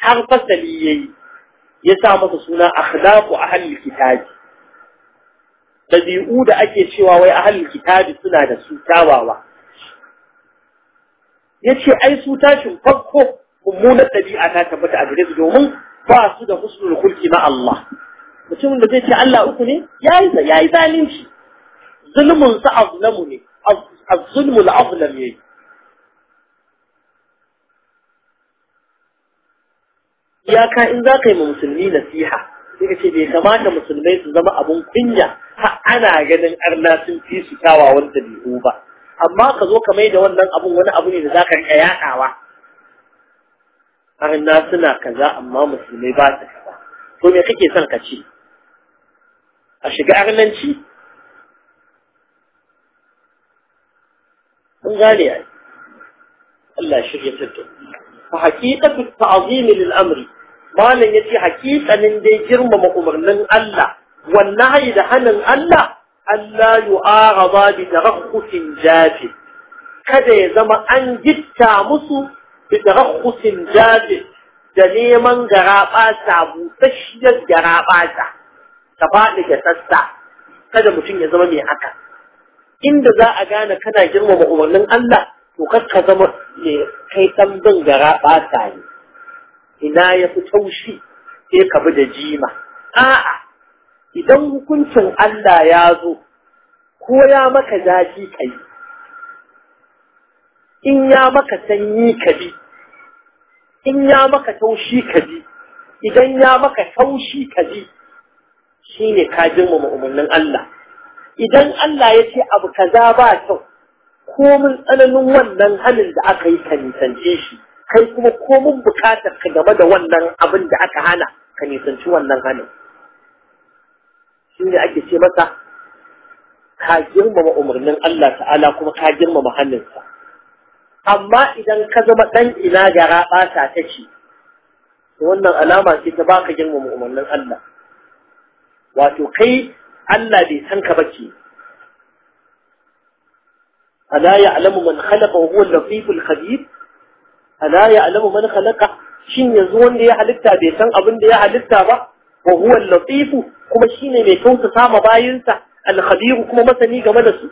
حرق سليي يسامة سنة أخلاق أهل الكتاج ɗabi'u da ake cewa wai ahalin kitabi suna da su tawawa yace ai su tashin farko mummunar ɗabi'a ta tabbata a gare su domin ba su da husnul khulqi na Allah mutumin da zai ce Allah uku ne ya yayi zalunci zulmun sa azlamu ne az-zulmu al-azlam ne iyaka in zakai ka musulmi nasiha sai ka ce bai kamata musulmai su zama abun kunya ha ana ganin arna sun fi su kyawawan dabi'u ba amma ka zo ka mai da wannan abun wani abu ne da za ka riƙa yaɗawa arna suna kaza amma musulmai ba su kaza to me kake son ka ce a shiga arnanci kun gane ai Allah shirya tattu fa haqiqatu ta'zimi lil amri malam ya ce hakikanin dai girmama umarnin Allah wallahi da hannun Allah Allah yu'araba bi tarakhufin jafi kada ya zama an gitta musu bi tarakhufin jafi da neman garaɓata busasshiyar garaɓata ta faɗi ga sassa kada mutum ya zama mai haka inda za a gane kana girmama umarnin Allah to kar ka zama mai kai ɗan bin garaɓata ne ina ya fi taushi sai ka bi da jima a'a idan hukuncin Allah ya zo ko ya maka zafi kai in ya maka sanyi ka bi in ya maka taushi ka bi idan ya maka taushi ka bi shine kajin girmama Allah idan Allah ya ce abu kaza ba kyau komin tsananin wannan halin da aka yi ka shi kai kuma komin bukatar ka game da wannan abin da aka hana ka nisanci wannan hanin shi ne ake ce masa ka girmama umarnin Allah ta'ala kuma ka girmama hannunsa amma idan ka zama ɗan ina gara ɓata ta ce wannan alama ce ta baka girmama umarnin Allah wato kai Allah bai san ka bace ألا يعلم من خلق وهو اللطيف الخبير ala ya'lamu man khalaqa shin yanzu wanda ya halitta bai san abin da ya halitta ba wa huwa al-latif kuma shine mai kauta sama bayinsa al-khabir kuma masani game da su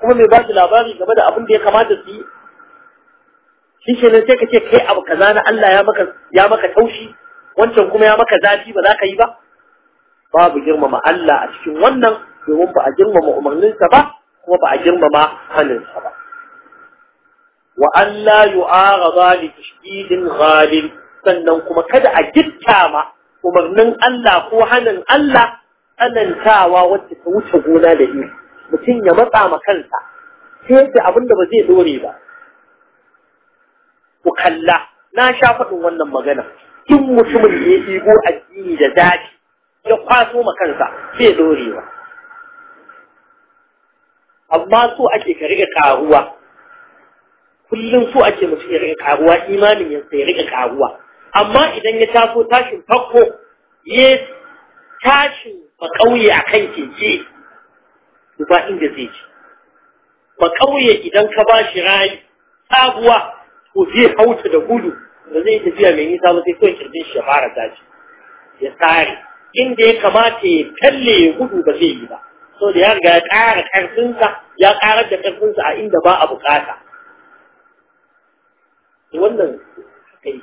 kuma mai ba shi labari game da abin da ya kamata su yi shi ke nan sai ka ce kai abu kaza na Allah ya maka ya maka taushi wancan kuma ya maka zafi ba za ka yi ba babu girmama Allah a cikin wannan domin ba a girmama umarninsa ba kuma ba a girmama halinsa ba wa an la yu'arada li tashkilin ghalib sannan kuma kada a gitta ma umarnin Allah ko hannun Allah tsanantawa wacce ta wuce gona da ni mutum ya matsa ma kansa sai da abin da ba zai dore ba ku kalla na sha faɗin wannan magana in mutumin da ya ɗigo addini da zafi ya kwaso ma kansa sai dore ba amma so ake ka riga karuwa kullum su ake mutum ya rika karuwa imanin ya sai rika karuwa amma idan ya taso tashin farko ya tashin ba kauye kan keke ba inda zai ji ba kauye idan ka ba shi rayu sabuwa to zai hauta da gudu da zai tafiya mai nisa ba sai kawai kirjin shi ya fara tashi ya tsare inda ya kamata ya kalle ya gudu ba zai yi ba so da ya riga ya ƙara ƙarfinsa ya ƙarar da ƙarfinsa a inda ba a buƙata wannan haka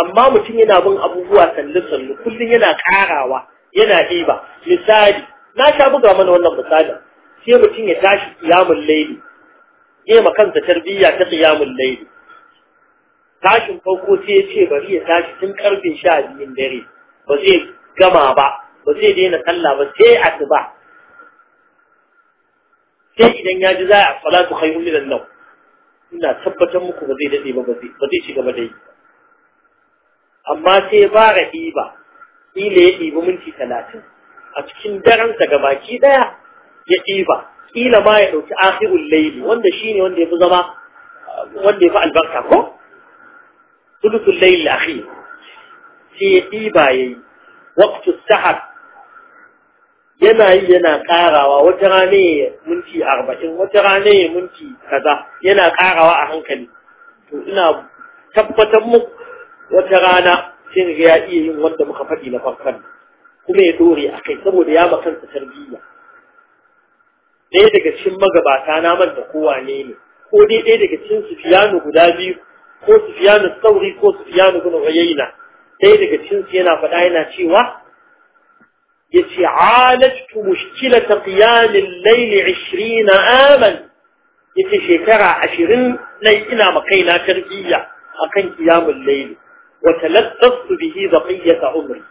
amma mutum yana bin abubuwa sallu-sallu kullum yana karawa yana ɗiba misali na sha buga mana wannan misali sai mutum ya tashi kiyamun laili ya yi kansa tarbiyya ta kiyamun laili tashin farko sai ya ce bari ya tashi tun karfe sha biyun dare ba zai gama ba ba zai daina sallah ba sai asuba sai idan ya ji za a salatu kai hulunan nau ina tabbatar muku ba zai dade ba ba zai ci gaba da yi amma sai ba ba ile ya ɗibi minti talatin a cikin daransa gabaki ɗaya ya ɗiba ƙila ma ya ɗauki akhirul layli. wanda shine wanda ya fi zama wanda ya fi albarka ko sulutul layli akhir sai ya ɗiba yayi waqtu sahar yana yi yana karawa wata rana ya minti arba'in wata rana ya minti kaza yana ƙarawa a hankali to ina tabbatar mu wata rana sai ya iya yin wanda muka faɗi na farkon kuma ya dore a kai saboda ya makansa tarbiyya ɗaya daga cikin magabata na manta kowa ne ne ko dai ɗaya daga cikin sufiyanu guda biyu ko sufiyanu sauri ko sufiyanu bin ɗaya daga cikin yana faɗa yana cewa يتي عالجت مشكلة قيام الليل عشرين آما يتي شكرا عشرين ليلة مقينا تربية أقن قيام الليل وتلذذت به بقية عمري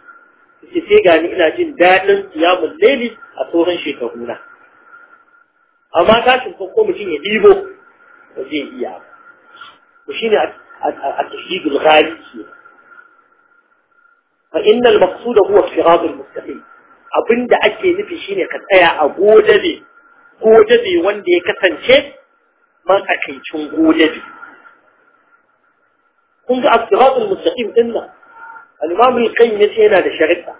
يتي إلى جن قيام الليل أطورا شكرونا أما كانت تقوم جيني بيبو وجيني إياه وشيني التشديد الغالي فإن المقصود هو افتراض المستقيم abinda ake nufi shine ka tsaya a godabe godabe wanda ya kasance man matsakaicin godabe kun ga asiratul mustaqim din al-imam al-qayyim yana da shari'a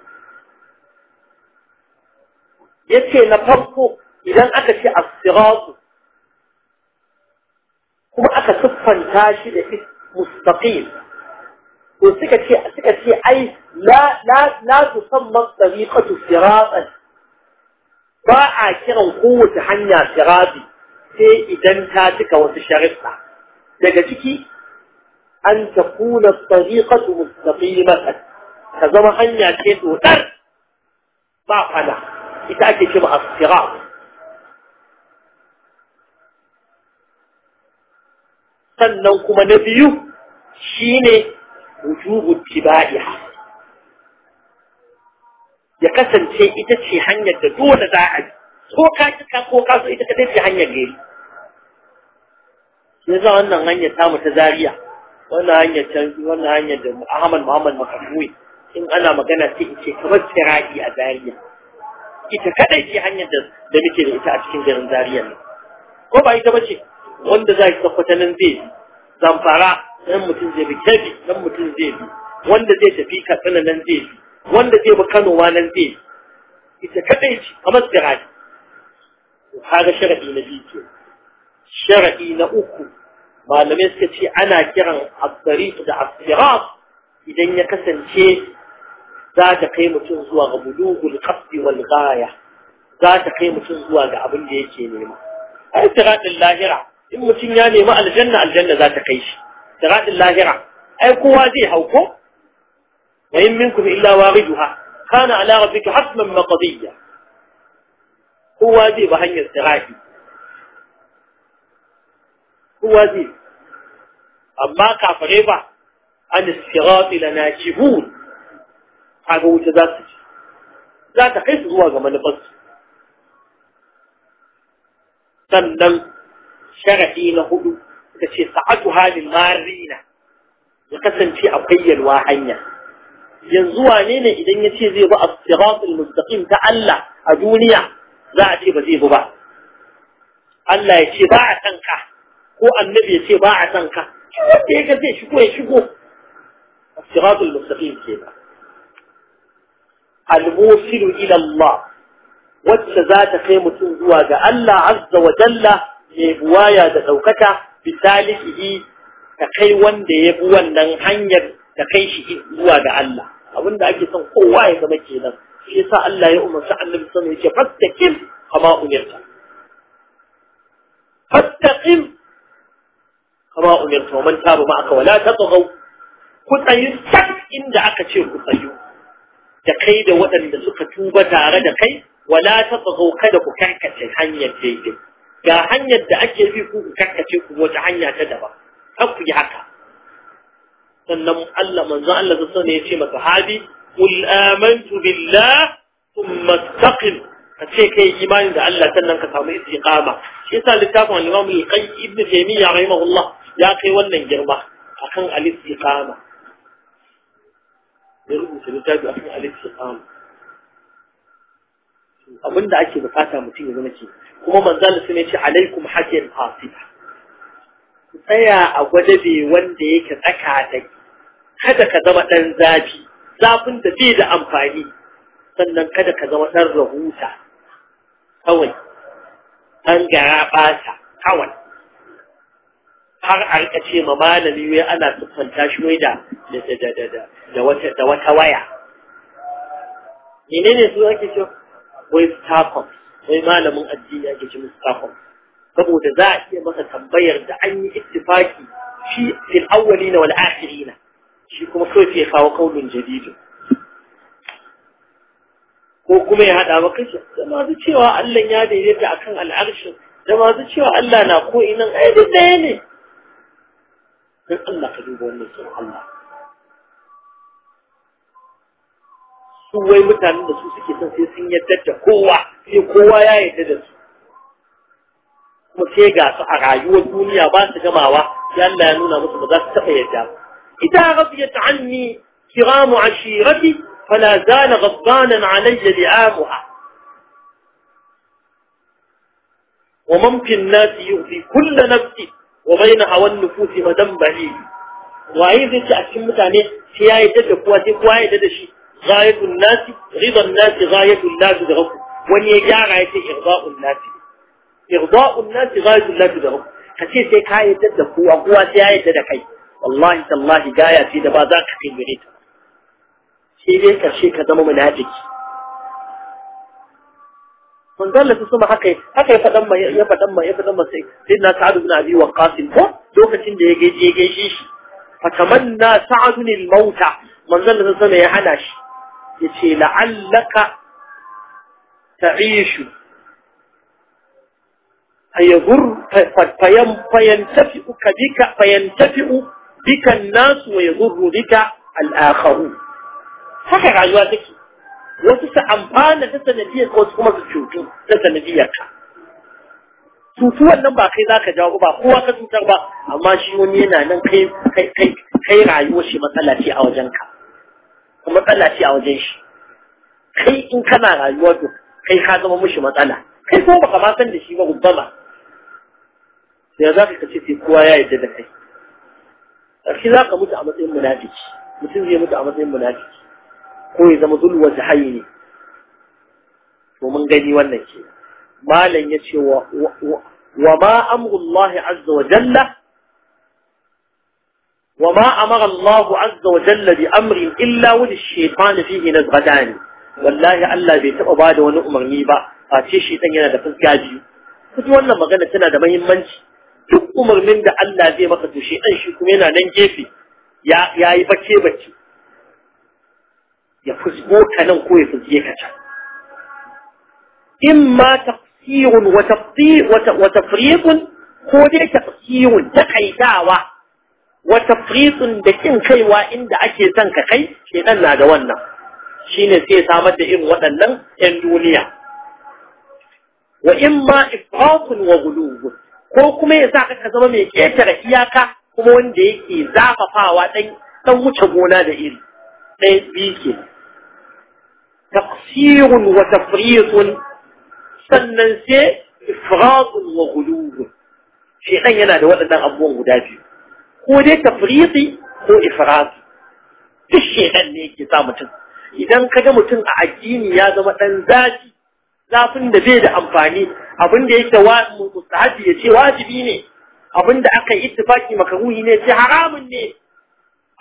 yace na farko idan aka ce asiratul kuma aka siffanta shi da mustaqim to suka ce suka ce ai لا لا لا تسمى طريقة فراغا باع كرا قوة حنيا فراغي في إدنتاتك وتشغفها لذلك أن تكون الطريقة مستقيمة كذلك حنيا كيت وتر باع فنا إتأكي كما الفراغ سنوكم نبيه شيني وجوب اتباعها ya kasance ita ce hanyar da dole za a yi ko ka kika ko ka so ita ka dace hanyar gari sai za wannan hanyar tamu ta Zariya, wannan hanyar can wannan hanyar da Muhammad Muhammad Makamui in ana magana sai in ce kamar tsiraki a Zariya. ita kadai ce hanyar da da muke da ita a cikin garin Zariya ne ko ba ita bace wanda za ki tabbata nan zai zamfara dan mutum zai bi kebi dan mutum zai bi wanda zai tafi katsina nan zai bi wanda zai bi Kano ma nan zai ita kadai ce a masjirani kaga sharadi na biyu ke sharadi na uku malamai suka ce ana kiran asariq da asirat idan ya kasance za ta kai mutum zuwa ga bulugul qasdi wal ghaya za ta kai mutum zuwa ga abin da yake nema ai siradin lahira in mutum ya nemi aljanna aljanna za ta kai shi siradin lahira ai kowa zai hauko وإن منكم إلا واردها كان على ربك حسما مقضية هو ذي بهن يستغاكي هو ذي أما كفريبا عن السراط لناشبون حقو تذاتج لا تقيس هو كما نفس سلم شرعي هدو تشي سعتها للمارين وكسن في أبقية الواحية yanzu wane ne idan ya ce zai bi a siratul mustaqim ta Allah a duniya za a ce ba zai bi ba Allah ya ce ba a san ka ko annabi ya ce ba a san ka wanda ya ga zai shigo ya shigo as-siratul mustaqim ba. al-musilu ila Allah wacce za ta kai mutum zuwa ga Allah azza wa jalla mai buwaya da daukaka bisalihi ta kai wanda ya bi wannan hanyar ta kai shi zuwa ga Allah abinda ake son kowa ya zama kenan shi yasa Allah ya umarci annabi sallallahu alaihi wasallam yake fattaqim kama umirta fattaqim kama umirta wa man taba aka wala tatghaw ku tsayi sak inda aka ce ku tsayu da kai da waɗanda suka tuba tare da kai wala tatghaw kada ku karkace hanyar daidai ga hanyar da ake bi ku karkace ku wata hanya ta daban kar ku yi haka sannan Allah manzon Allah sallallahu alaihi ya ce masa sahabi qul amantu billah thumma istaqim a ce kai imani da Allah sannan ka samu istiqama shi yasa littafin al-Imam al-Qayyim ibn Taymiyyah rahimahullah ya kai wannan girma akan al-istiqama ya rubuta littafi akan al-istiqama abinda ake bukata mutum ya zama ce kuma manzal sun ce alaikum hakim hasib ku tsaya a gwada gwadabe wanda yake tsaka da kada ka zama ɗan zafi zafin da bai da amfani sannan kada ka zama ɗan rahusa kawai ɗan gara ɓata kawai har a rika ce ma malami wai ana siffanta shi wai da da wata waya menene su ake ce wai stacom wai malamin addini ake ce musu stacom saboda za a iya masa tambayar da an yi ittifaki fi fil awwalina wal akhirina shi kuma kawai sai ya kawo kaulun jadidin ko kuma ya haɗa maka shi da masu cewa Allah ya daidaita akan al'arshin da masu cewa Allah na ko inan ai duk ɗaya ne dan Allah ka duba wannan sun Allah su wai mutanen da su suke son sai sun yadda da kowa sai kowa ya yadda da su kuma sai ga su a rayuwar duniya ba su gamawa sai Allah ya nuna musu ba za su taɓa yadda ba إذا غضيت عني كرام عشيرتي فلا زال غضبانا علي لعابها وممكن الناس يغضي كل نفسي وبينها والنفوس مدن بليل وعيد تأكيد متاني في آية جدا قواتي قواية جدا غاية الناس غضى الناس غاية الناس لغضب وان يجار عيسى إغضاء الناس إغضاء الناس غاية الناس لغضب حتى سيكاية جدا قواتي آية جدا كي قوة. والله انت الله قايا في دبا ذاك في المريد شيء ليك الشيء كدمه من هاتك من ذلك تسمى حقي حقي يفدم يفدم يفدم سي سيدنا سعد بن أبي وقاس هو دوكة تندي يجيشيش فتمنى سعد الموتى من ذلك تسمى يا حناش يتي لعلك تعيش فيغر فينتفئ كذيك فينتفئ bika nasu wa yadurru bika al-akharu haka rayuwa take wasu su amfana ta sanadiyar wasu kuma su cutu ta sanadiyar ka cutuwan nan ba kai za ka jawo ba kowa ka cutar ba amma shi wani yana nan kai kai kai rayuwar shi matsala ce a wajen ka kuma matsala ce a wajen shi kai in kana rayuwa to kai ka zama mushi matsala kai ko baka ma san da shi ba gubbama sai za ka ce sai kowa ya yarda da kai الخلاقة متعة مطين مناجج مثل هي متعة مطين مناجج قوي ذا مظل وزحيني ومن قدي ونك ما لن يتشي و... و... وما أمر الله عز وجل وما أمر الله عز وجل بأمر إلا وللشيطان فيه نزغتان والله ألا بيتم أباد ونؤمر نيبا أتشي شيطان ينادى فزقاجي فدو أنه مغنى تنادى مهم منشي duk umarnin da Allah zai maka to shi an shi kuma yana nan gefe ya yayi bace bace ya fusgo ka nan ko ya fusge ka can imma taqsirun wa tafsir wa tafriqun ko dai taqsirun takaitawa wa tafriqun da kin kaiwa inda ake son ka kai shedan na da wannan shine sai samar da irin waɗannan 'yan duniya wa imma ifraqun wa ghuluwun ko kuma ya sa ka zama mai ƙetare iyaka kuma wanda yake zafafawa ɗan ɗan wuce gona da iri ɗaya biyu ke tafsirun wa tafriqun sannan sai ifradun wa ghulubun shi ɗan yana da waɗannan abubuwan guda biyu ko dai tafriqi ko ifradi duk shedan ne yake sa mutum idan ka ga mutum a addini ya zama ɗan zafi zafin da bai da amfani abin da yake wa mustahabi ya ce wajibi ne abin da aka yi ittifaki makaruhi ne ce haramun ne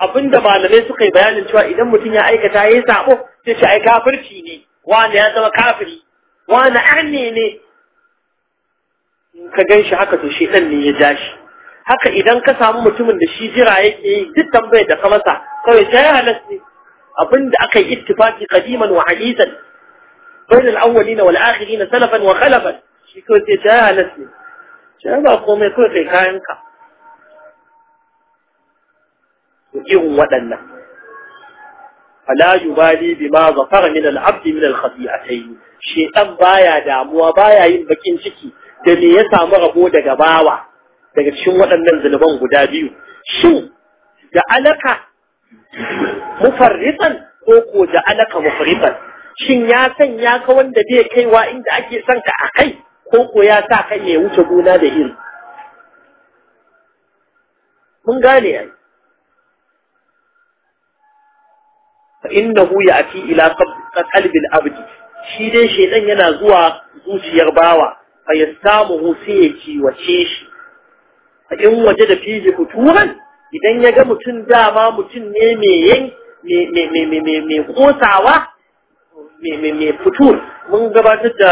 abin da malamai suka yi bayanin cewa idan mutum ya aikata ya yi sabo sai shi ai kafirci ne wani ya zama kafiri wani arne ne ka gan shi haka to shedan ne ya ja shi haka idan ka samu mutumin da shi jira yake yi duk tambayar da ka masa kawai ta yi halas ne abin da aka yi ittifaki kadiman wa hadisan بين الأولين والآخرين سلفا وخلفا شكو تجالسني شبا قومي كوي غيكاينكا يجيهم ودنا فلا يبالي بما ظفر من العبد من الخطيئتين شيئا بايا دعموا بايا ينبكين شكي دمي يسا مغبو دقباوا دقل شو ودنا نزلبان قدابيو شو جعلك مفرطا كوكو جعلك مفرطا shin ya sanya ka wanda bai kaiwa inda ake son ka a kai ko ko ya sa kai ya wuce gona da iri mun gane ai fa innahu ya'ti ila qalbil abdi shi dai shedan yana zuwa zuciyar bawa fa yastamuhu sai ya kiwace shi fa in waje da fiji futuran idan ya ga mutum dama mutum ne mai me me me me kosawa mai fitur mun gabatar da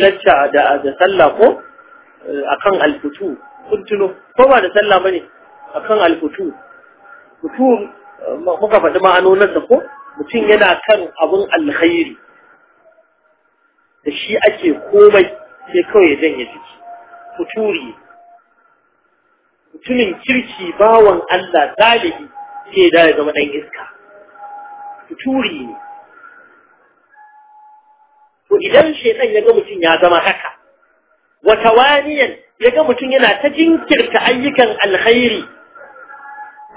lacca da sallah ko eh, akan alfutu kuntuno ko ba da sallah bane akan alfutu fitu eh, muka faɗi ma'anoninsa ko mutum yana kan abun alkhairi da shi ake komai sai kawai ya janye jiki futuri mutumin kirki bawan Allah zalibi sai ya dawo zama ɗan iska futuri ne Ku idan shaitan ya ga mutum ya zama haka wata waniyan ya ga mutum yana ta jinkirta ayyukan alkhairi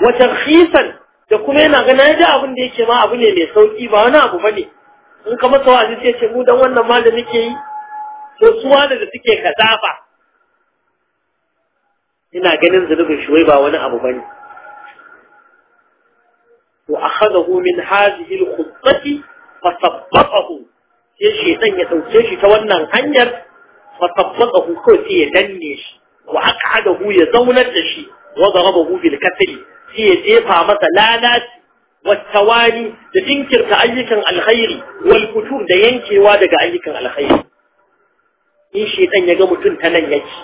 wata khisan da kuma yana ga na ji abin da yake ma abu ne mai sauki ba wani abu bane in ka masa wa'azi sai ce mu dan wannan ma da muke yi to su wani da suke kazafa ina ganin zunubin shi ba wani abu bane to من هذه hadhihi al sai shaitan ya ɗauke shi ta wannan hanyar fatabbasahu kawai sai ya danne shi wa aqadahu ya zaunar da shi wa darabahu bil kasri sai ya jefa masa lalaci والتواني da jinkirta ayyukan alkhairi wal futur da yankewa daga ayyukan alkhairi in ya ga mutum ta nan yake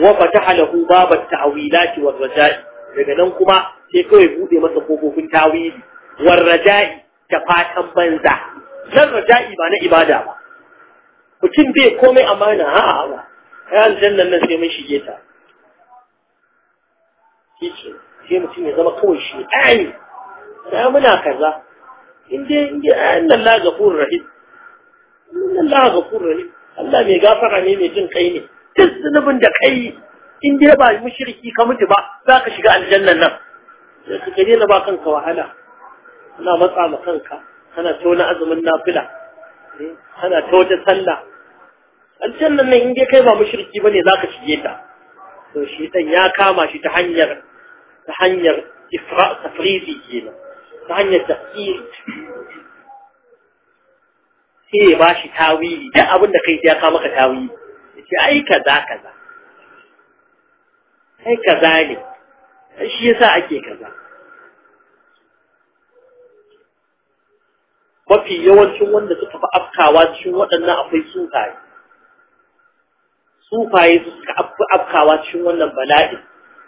wa fataha lahu babat ta'wilat wal raja'i daga nan kuma sai kawai bude masa kofofin tawili wal raja'i ta fatan banza zan raja'i ba na ibada ba mutum bai komai amana a'a a'a kai aljannan nan sai mun shige ta shi sai mutum ya zama kawai shi ayi da muna kaza in dai in dai an nan la gafur rahim nan la gafur rahim Allah mai gafara ne mai jin kai ne duk zunubin da kai in dai ba mushriki ka mutu ba za ka shiga aljannan nan sai ka daina ba kanka wahala ana matsa ma kanka kana ta na azumin nafila eh, kana ta wata sallah aljannan nan in dai kai ba mushriki bane zaka shige ta to shi dan ya kama shi ta hanyar ta hanyar ifra tafrizi kenan ta hanyar tafsir sai ya ba shi tawili duk abin da kai ya kama maka tawili ya ai kaza kaza ai kaza ne shi yasa ake kaza mafi yawancin wanda suka fi afkawa cikin waɗannan akwai sufaye sufaye su suka fi afkawa cikin wannan bala'i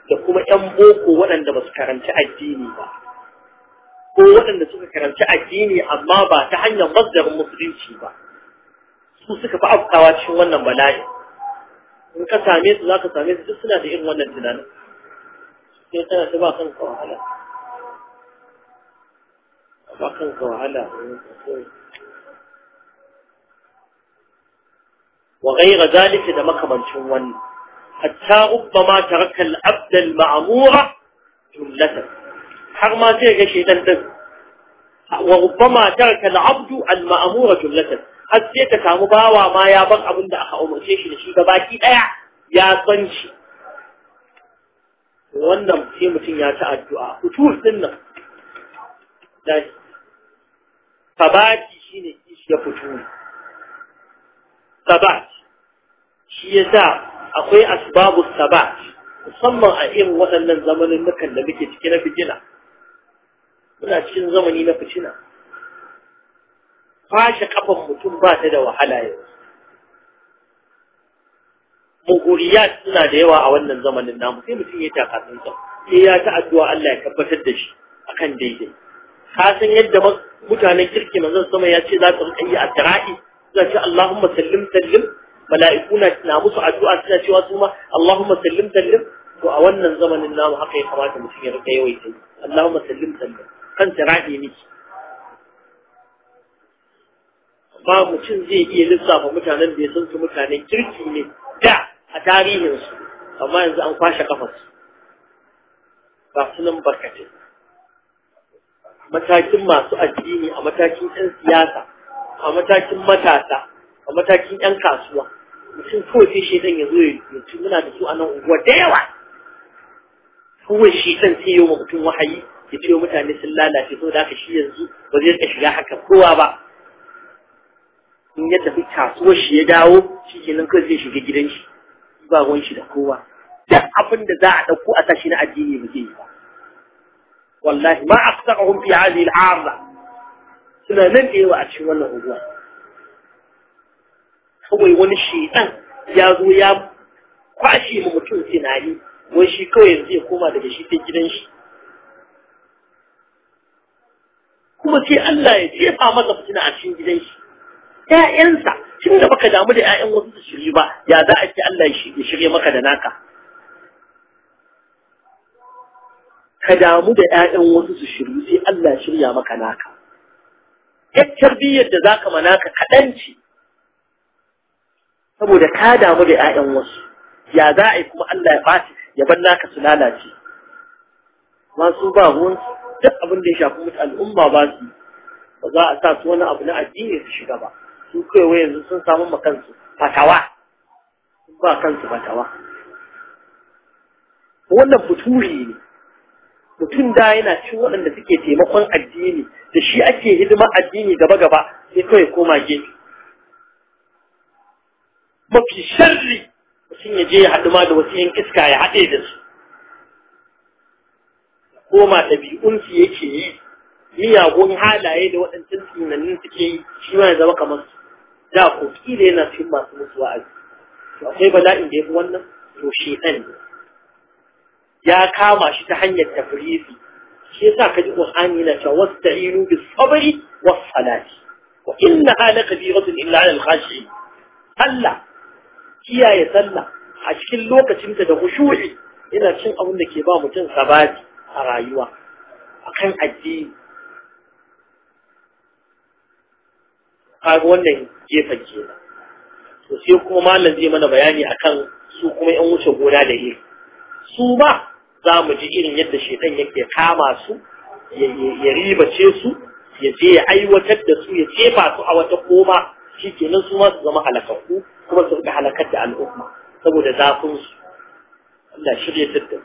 da kuma ƴan boko waɗanda ba su karanci addini ba ko waɗanda suka karanci addini amma ba ta hanyar mazdarin musulunci ba su suka fi afkawa cikin wannan bala'i in ka same su za ka same su duk suna da irin wannan tunanin sai tana ta ba kan hala. وغير ذلك إذا ما كمان شون حتى ربما ترك العبد المعمورة جملة حق ما تيجي شيء تنتظر وربما ترك العبد المأمور جملة حتى يتكام باوا ما يابر أبن أخا أمر شيء شيء شيء باكي أع يا صنشي وانا مسيمة يا تأجوا أخطوش لنا sabati shine kishi ya fito ne. sabat shi yasa akwai asbabu sabat musamman a irin waɗannan zamanin nukan da muke ciki na fitina muna cikin zamani na fitina Fashe kafan mutum ba ta da wahala yau muguriyat suna da yawa a wannan zamanin namu sai mutum ya ta kasance sai ya ta addu'a Allah ya tabbatar da shi akan daidai ka san yadda mutanen kirki manzon sama ya ce za su rika yi tara'i suna ce Allahumma sallim sallim mala'ikuna na musu addu'a suna cewa su ma Allahumma sallim sallim to a wannan zamanin namu haka ya kamata mutum ya rika yawaita Allahumma sallim sallim kan ne miki ba mutum zai iya lissafa mutanen da ya san su mutanen kirki ne da a tarihinsu amma yanzu an kwashe kafarsu ba sunan barkatai matakin masu addini a matakin 'yan siyasa a matakin matasa a matakin 'yan kasuwa mutum kawai sai shaidan ya zo ya ci muna da su a nan unguwa da yawa kawai shaidan sai yi wa mutum wahayi ya ce mutane sun lalace so da aka shi yanzu ba zai shiga haka kowa ba in ya tafi kasuwar shi ya dawo shi kenan kawai zai shiga gidan shi ba ruwan da kowa duk abin da za a ɗauko a sashi na addini ba zai yi ba wallahi ma aqsaqahum fi hadhihi al'arba suna nan da yawa a cikin wannan unguwa kawai wani shedan ya zo ya kwashe mu mutum tunani wai shi kawai yanzu ya koma daga shi sai gidan shi kuma sai Allah ya jefa masa fitina a cikin gidan shi ƴaƴansa tun da baka damu da 'ya'yan wasu su shiri ba ya za a ce Allah ya shirye maka da naka ka damu da 'ya'yan wasu su shiru sai Allah shirya maka naka ƴar tarbiyyar da za ka manaka kaɗan ce saboda ka damu da 'ya'yan wasu ya za a yi kuma Allah ya ɓaci ya ban naka su lalace masu ba ruwan duk abin da ya shafi mutu al'umma ba su ba za a sa su wani abu na addini su shiga ba su kawai yanzu sun samu ma kansu fatawa sun ba kansu fatawa wannan futuri ne mutum da yana cin waɗanda suke taimakon addini da shi ake hidima addini gaba gaba sai kawai koma gefe mafi sharri mutum ya je ya haɗu ma da wasu yan iska ya haɗe da su koma ya yake yi miyagun halaye da waɗancan tunanin suke yi shi ma ya zama kamar su da ko kila yana cin masu mutuwa a akwai bala'in da ya fi wannan to shi ɗan ne ya kama shi ta hanyar tafrizi shi yasa ka ji qur'ani na cewa wasta'inu bis sabri was salati wa innaha lakabiratun illa 'ala al khashi Allah kiyaye sallah a cikin lokacin da khushu'i ina cin abin da ke ba mutum sabati a rayuwa akan addini kaga wannan gefen kenan to sai kuma malam zai mana bayani akan su kuma yan wuce gona da iri su ba za mu ji irin yadda shedan yake kama su ya ce su ya je ya aiwatar da su ya jefa su a wata koma shi kenan su ma su zama halakakku kuma su ga halakar da al'umma saboda zafin su Allah shirya tattalin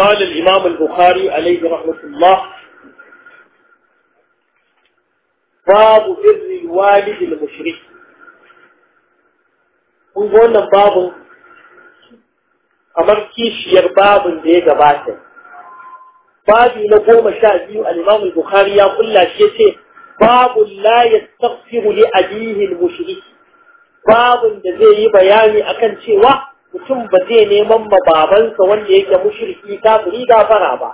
قال الإمام البخاري عليه رحمة الله babu birri walidil mushrik kun ga wannan babun kamar kishiyar babun da ya gabata Babu na goma sha biyu al-Imam ya kulla shi ce, babu la yastaghfiru li abihi al-mushrik babun da zai yi bayani akan cewa mutum ba zai neman ma babansa wanda yake mushriki kafiri gafara ba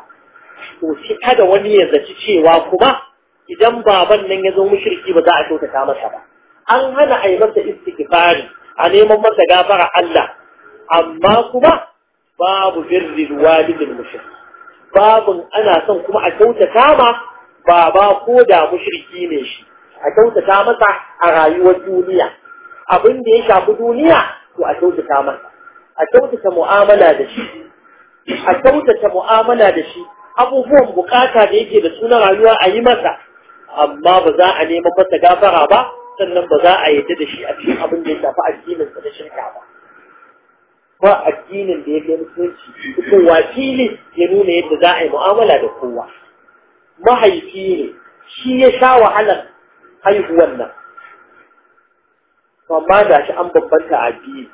to shi kada wani ya zaci cewa kuma idan baban nan ya zo mushriki ba za a kyautata masa ba an hana a yi masa istighfari a neman masa gafara Allah amma kuma babu birril walidin mushrik babun ana son kuma a kyautata ma baba ko da mushriki ne shi a kyautata masa a rayuwar duniya abin da ya shafi duniya to a kyautata masa a kyautata mu'amala da shi a kyautata mu'amala da shi abubuwan bukata da yake da sunan rayuwa a yi masa amma ba za a nema masa gafara ba sannan ba za a yadda da shi a cikin abin da ya shafi addinin sa da shirka ba ba addinin da ya kai musulunci cikin wakili ya nuna yadda za a yi mu'amala da kowa mahaifi ne shi ya sha wahalar haihuwar nan amma da shi an bambanta biyu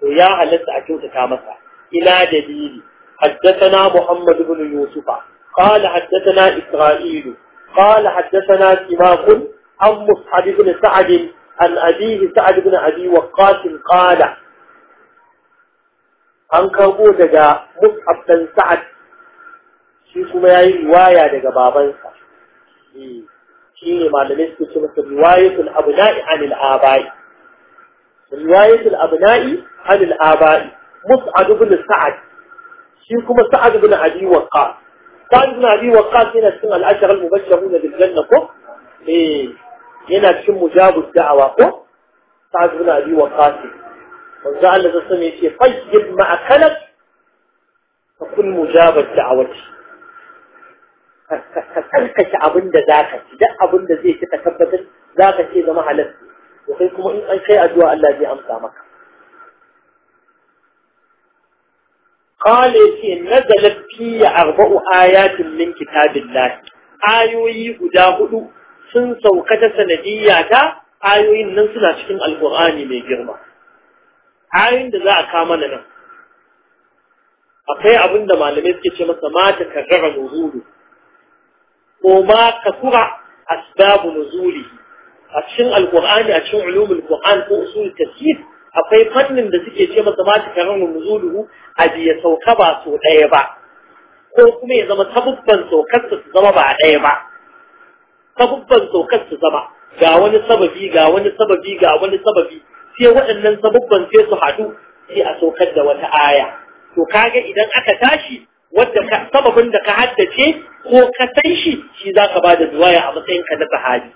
to ya halatta a kyautata masa ila dalili حدثنا محمد بن يوسف قال حدثنا إسرائيل قال حدثنا كمام عن مصعب بن سعد عن أبيه سعد بن أبي وقاس قال أن كابودة مصعب بن سعد شيكما يأي إيه؟ رواية لك بابنسا إيه. شيكما لنسكت شمس رواية الأبناء عن الآباء رواية الأبناء عن الآباء مصحب بن سعد شيكما سعد بن أبي وقاس قال بن أبي وقاص هنا سنة العشر المبشرون بالجنة كو إيه هنا تشم مجاب الدعوة كو سعد طيب، بن أبي وقاص وقال الله تسمي شيء طيب ما أكلت فكن مجاب الدعوة كتركش أبن ذاك جاء أبن ذي زي ذاك شيء ما حلت وكيكم إن أي شيء أدواء الذي أمسى مكة قال يتي نزلت في أربع آيات من كتاب الله آيوي قداهد سن سوقة سندية آيوي ننسنا شكين القرآن من جرمة آيوي دزاء كامنا نم akwai abin da malamai suke ce masa ma ta karrara nuzulu ko ma kasura asbabu nuzuli a cikin alqur'ani a cikin ulumul qur'an ko usul akwai fannin da suke ce masa ma ta karan nuzuluhu a ya sauka ba so ɗaya ba ko kuma ya zama tabubban saukar su zama ba ɗaya ba tabubban saukar su zama ga wani sababi ga wani sababi ga wani sababi sai waɗannan tabubban sai su haɗu sai a saukar da wata aya to kaga idan aka tashi wanda sababin da ka haddace ko ka san shi shi zaka bada duwaya a matsayin ka na sahabi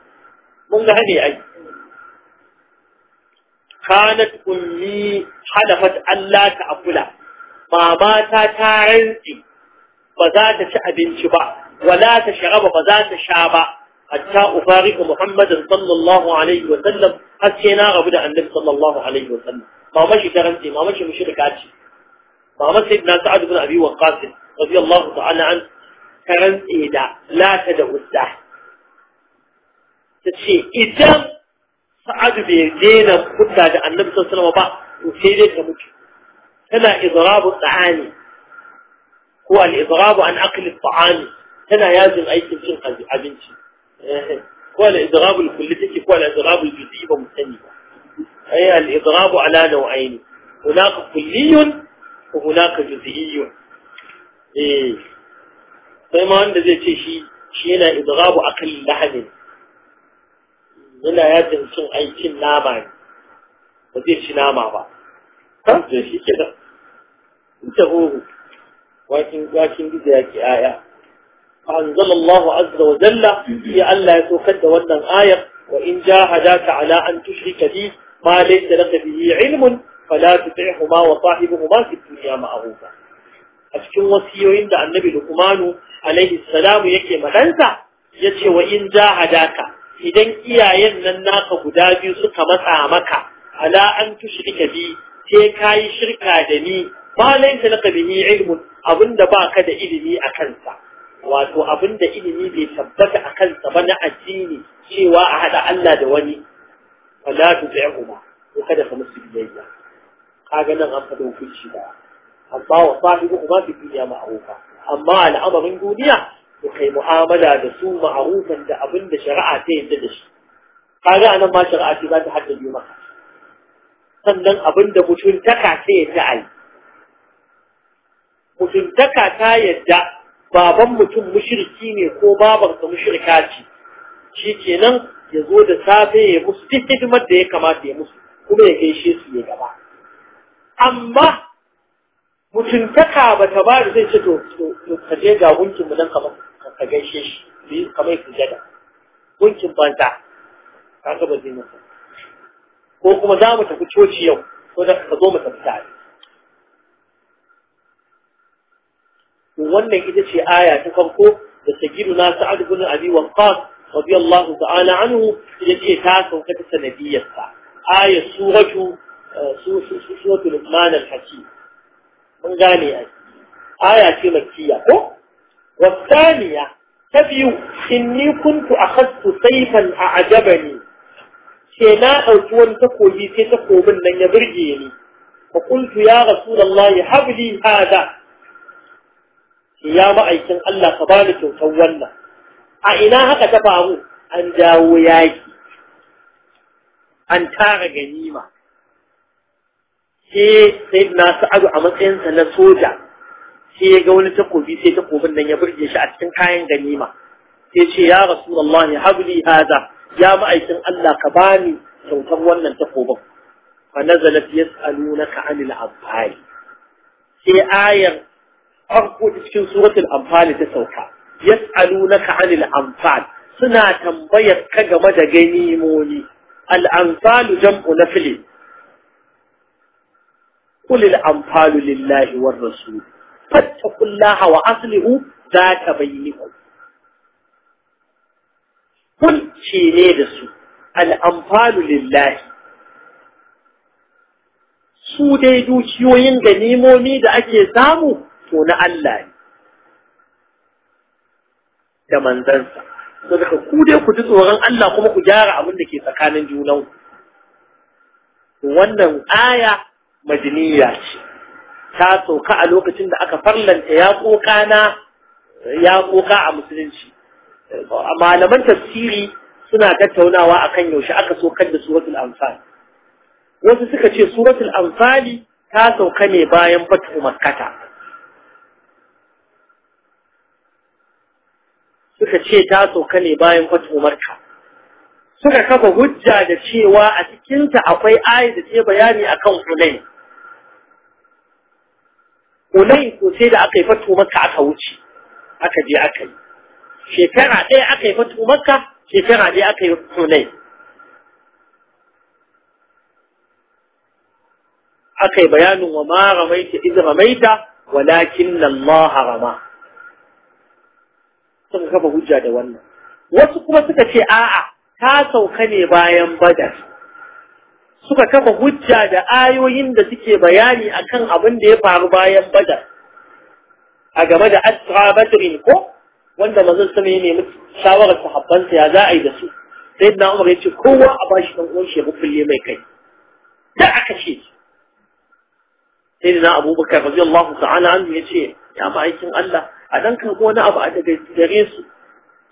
mun ga hane ai kanat ummi halafat Allah ta akula mama ta ta rantsi ba za ta ci abinci ba wala ta sharaba ba za ta sha ba hatta ufarika muhammadin sallallahu alaihi wa sallam har sai na rabu da annabi sallallahu alaihi wa sallam mama shi ta rantsi mama shi mushrika ce mama sayyidina sa'ad ibn abi waqqas radiyallahu ta'ala an ta rantsi da lata da uzza ta ce idan sa'adu bai daina hudda da annabi sallallahu alaihi ba to sai dai ka mutu tana idrabu ta'ani ko al-idrabu an aqli ta'ani tana yajin aikin cin abinci ko al-idrabu al-kulli take ko al-idrabu al-juz'i ba musani ba ay al-idrabu ala nau'aini hunaka kulliyun wa hunaka juz'iyyun eh sai ma wanda zai ce shi shi yana idrabu akan lahanin yana yajin cin aikin nama ne ba zai ci nama ba kan to shi ke da ita hoho wakin wakin gida yake aya أنزل الله عز وجل في ألا يتوكد ودن آية وإن جاهداك على أن تشرك به ما ليس لك به علم فلا تطعهما وصاحبهما في الدنيا معروفا a cikin wasiyoyin da annabi Luqmanu alaihi salamu yake ya ce wa in jahadaka idan iyayen nan naka guda biyu suka matsa maka ala an tushrika bi sai kayi shirka da ni ba laisa laka bihi ilmun abinda baka da ilimi a kansa wato abinda ilimi bai tabbata a kansa ba na addini cewa a hada Allah da wani wala tuzi'uma ko kada ka musu biyayya kaga nan an fado hukunci da amma wa sahibu kuma fi duniya amma al'amarin duniya to kai mu'amala da su ma'arufan da abin da shari'a ta yadda da shi kaga anan ma shari'a ce za ta biyu maka sannan abin da mutuntaka ta yadda a yi mutuntaka ta yadda baban mutum mushirki ne ko babansa mushirka ce shi kenan ya zo da safe ya musu duk hidimar da ya kamata ya musu kuma ya gaishe su ya gaba amma mutuntaka ba ta ba da zai ce to ka je ga gunkin mu don ka ka gaishe shi bi ka mai sujada gunkin banza kaga ba zai masa ko kuma za mu tafi coci yau ko da ka zo mu tafi tare wannan ita ce aya ta farko da sayyiduna sa'ad ibn abi waqqas radiyallahu ta'ala anhu ce ta sauka ta sanadiyarsa aya suratu eh, suratu luqman al-hakim mun gane ai aya ce makkiya ko والثانية تبي إني كنت أخذت سيفا أعجبني كنا أوتوان تقوي تقول من لن يبرجيني فقلت يا رسول الله هب لي هذا يا ما أيكن الله تبارك وتولى أين هكا تفعه أن جاو ياكي أن تار جنيمة كي سيدنا سعد sa'adu a matsayinsa sai ya ga wani takobi sai takobin nan ya burge shi a cikin kayan ganima sai ce ya rasulullah ne habli hada ya ma'aikin Allah ka bani kyautar wannan takobin fa nazalat yas'alunaka 'anil anfal sai ayar farko cikin suratul anfal ta sauka yas'alunaka 'anil anfal suna tambayar ka game da ganimoni al-anfal jam'u nafli قل الأنفال لله والرسول فاتقوا الله za ta بينكم ku. Kun دسو ne da su lillahi. Su dai dukiyoyin ganimomi da ake samu to na Allah ne da manzansa so daga ku dai ku ji tsoron Allah kuma ku gyara abin da ke tsakanin junanku wannan aya majiniya ce ta sauka a lokacin da aka farlanta ya koka na ya koka a musulunci malaman tafsiri suna tattaunawa akan yaushe aka kan da suratul anfal wasu suka ce suratul amfani ta sauka ne bayan fatu makkata suka ce ta sauka ne bayan fatu makka suka kafa hujja da cewa a cikinta akwai ayi da ce bayani akan hunain Hunain ko sai da aka yi fatu maka aka wuce aka je aka yi shekara ɗaya aka yi fatu maka shekara ɗaya aka yi Hunain aka yi bayanin wa ma ramaita iz ramaita walakin Allah rama suka kafa hujja da wannan wasu kuma suka ce a'a Ta sauka ne bayan badar suka kafa hujja da ayoyin da suke bayani akan abin da ya faru bayan badar a game da asra badrin ko wanda mazan sama ya nemi shawarar sahabbansa ya za a yi da su sai na umar ya ce kowa a bashi dan uwan shi bukulle mai kai da aka ce sai na abubakar radiyallahu ta'ala anhu ya ce ya ma'aikin Allah a dan karbo wani abu a daga gare su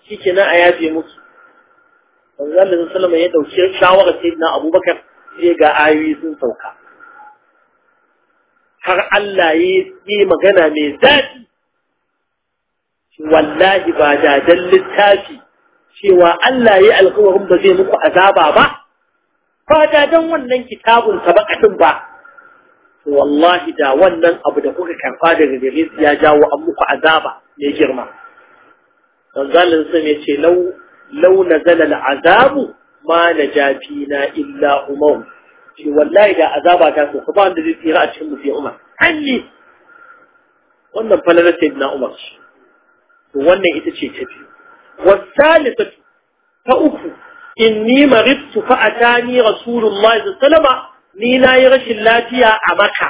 shikenan a yafe musu manzon Allah sallallahu alaihi wasallam ya dauki shawarar sayyidina abubakar sai ga ayoyi sun sauka har Allah ya yi magana mai zafi wallahi ba da littafi cewa Allah yi alkawarin ba zai muku azaba ba ba da dan wannan kitabun sabaqatin ba wallahi da wannan abu da kuka karfa daga gare ya jawo an muku azaba mai girma dan zalin sun ce lau lau nazala al'azabu ma na jafi na illa umar ce wallahi da azaba ta so ba wanda zai tsira a cikin mutum umar hanni wannan falalar sai na umar ce to wannan ita ce ta biyu wasalisa ta uku inni maridtu fa atani rasulullahi sallallahu alaihi wasallam ni nayi rashin lafiya a maka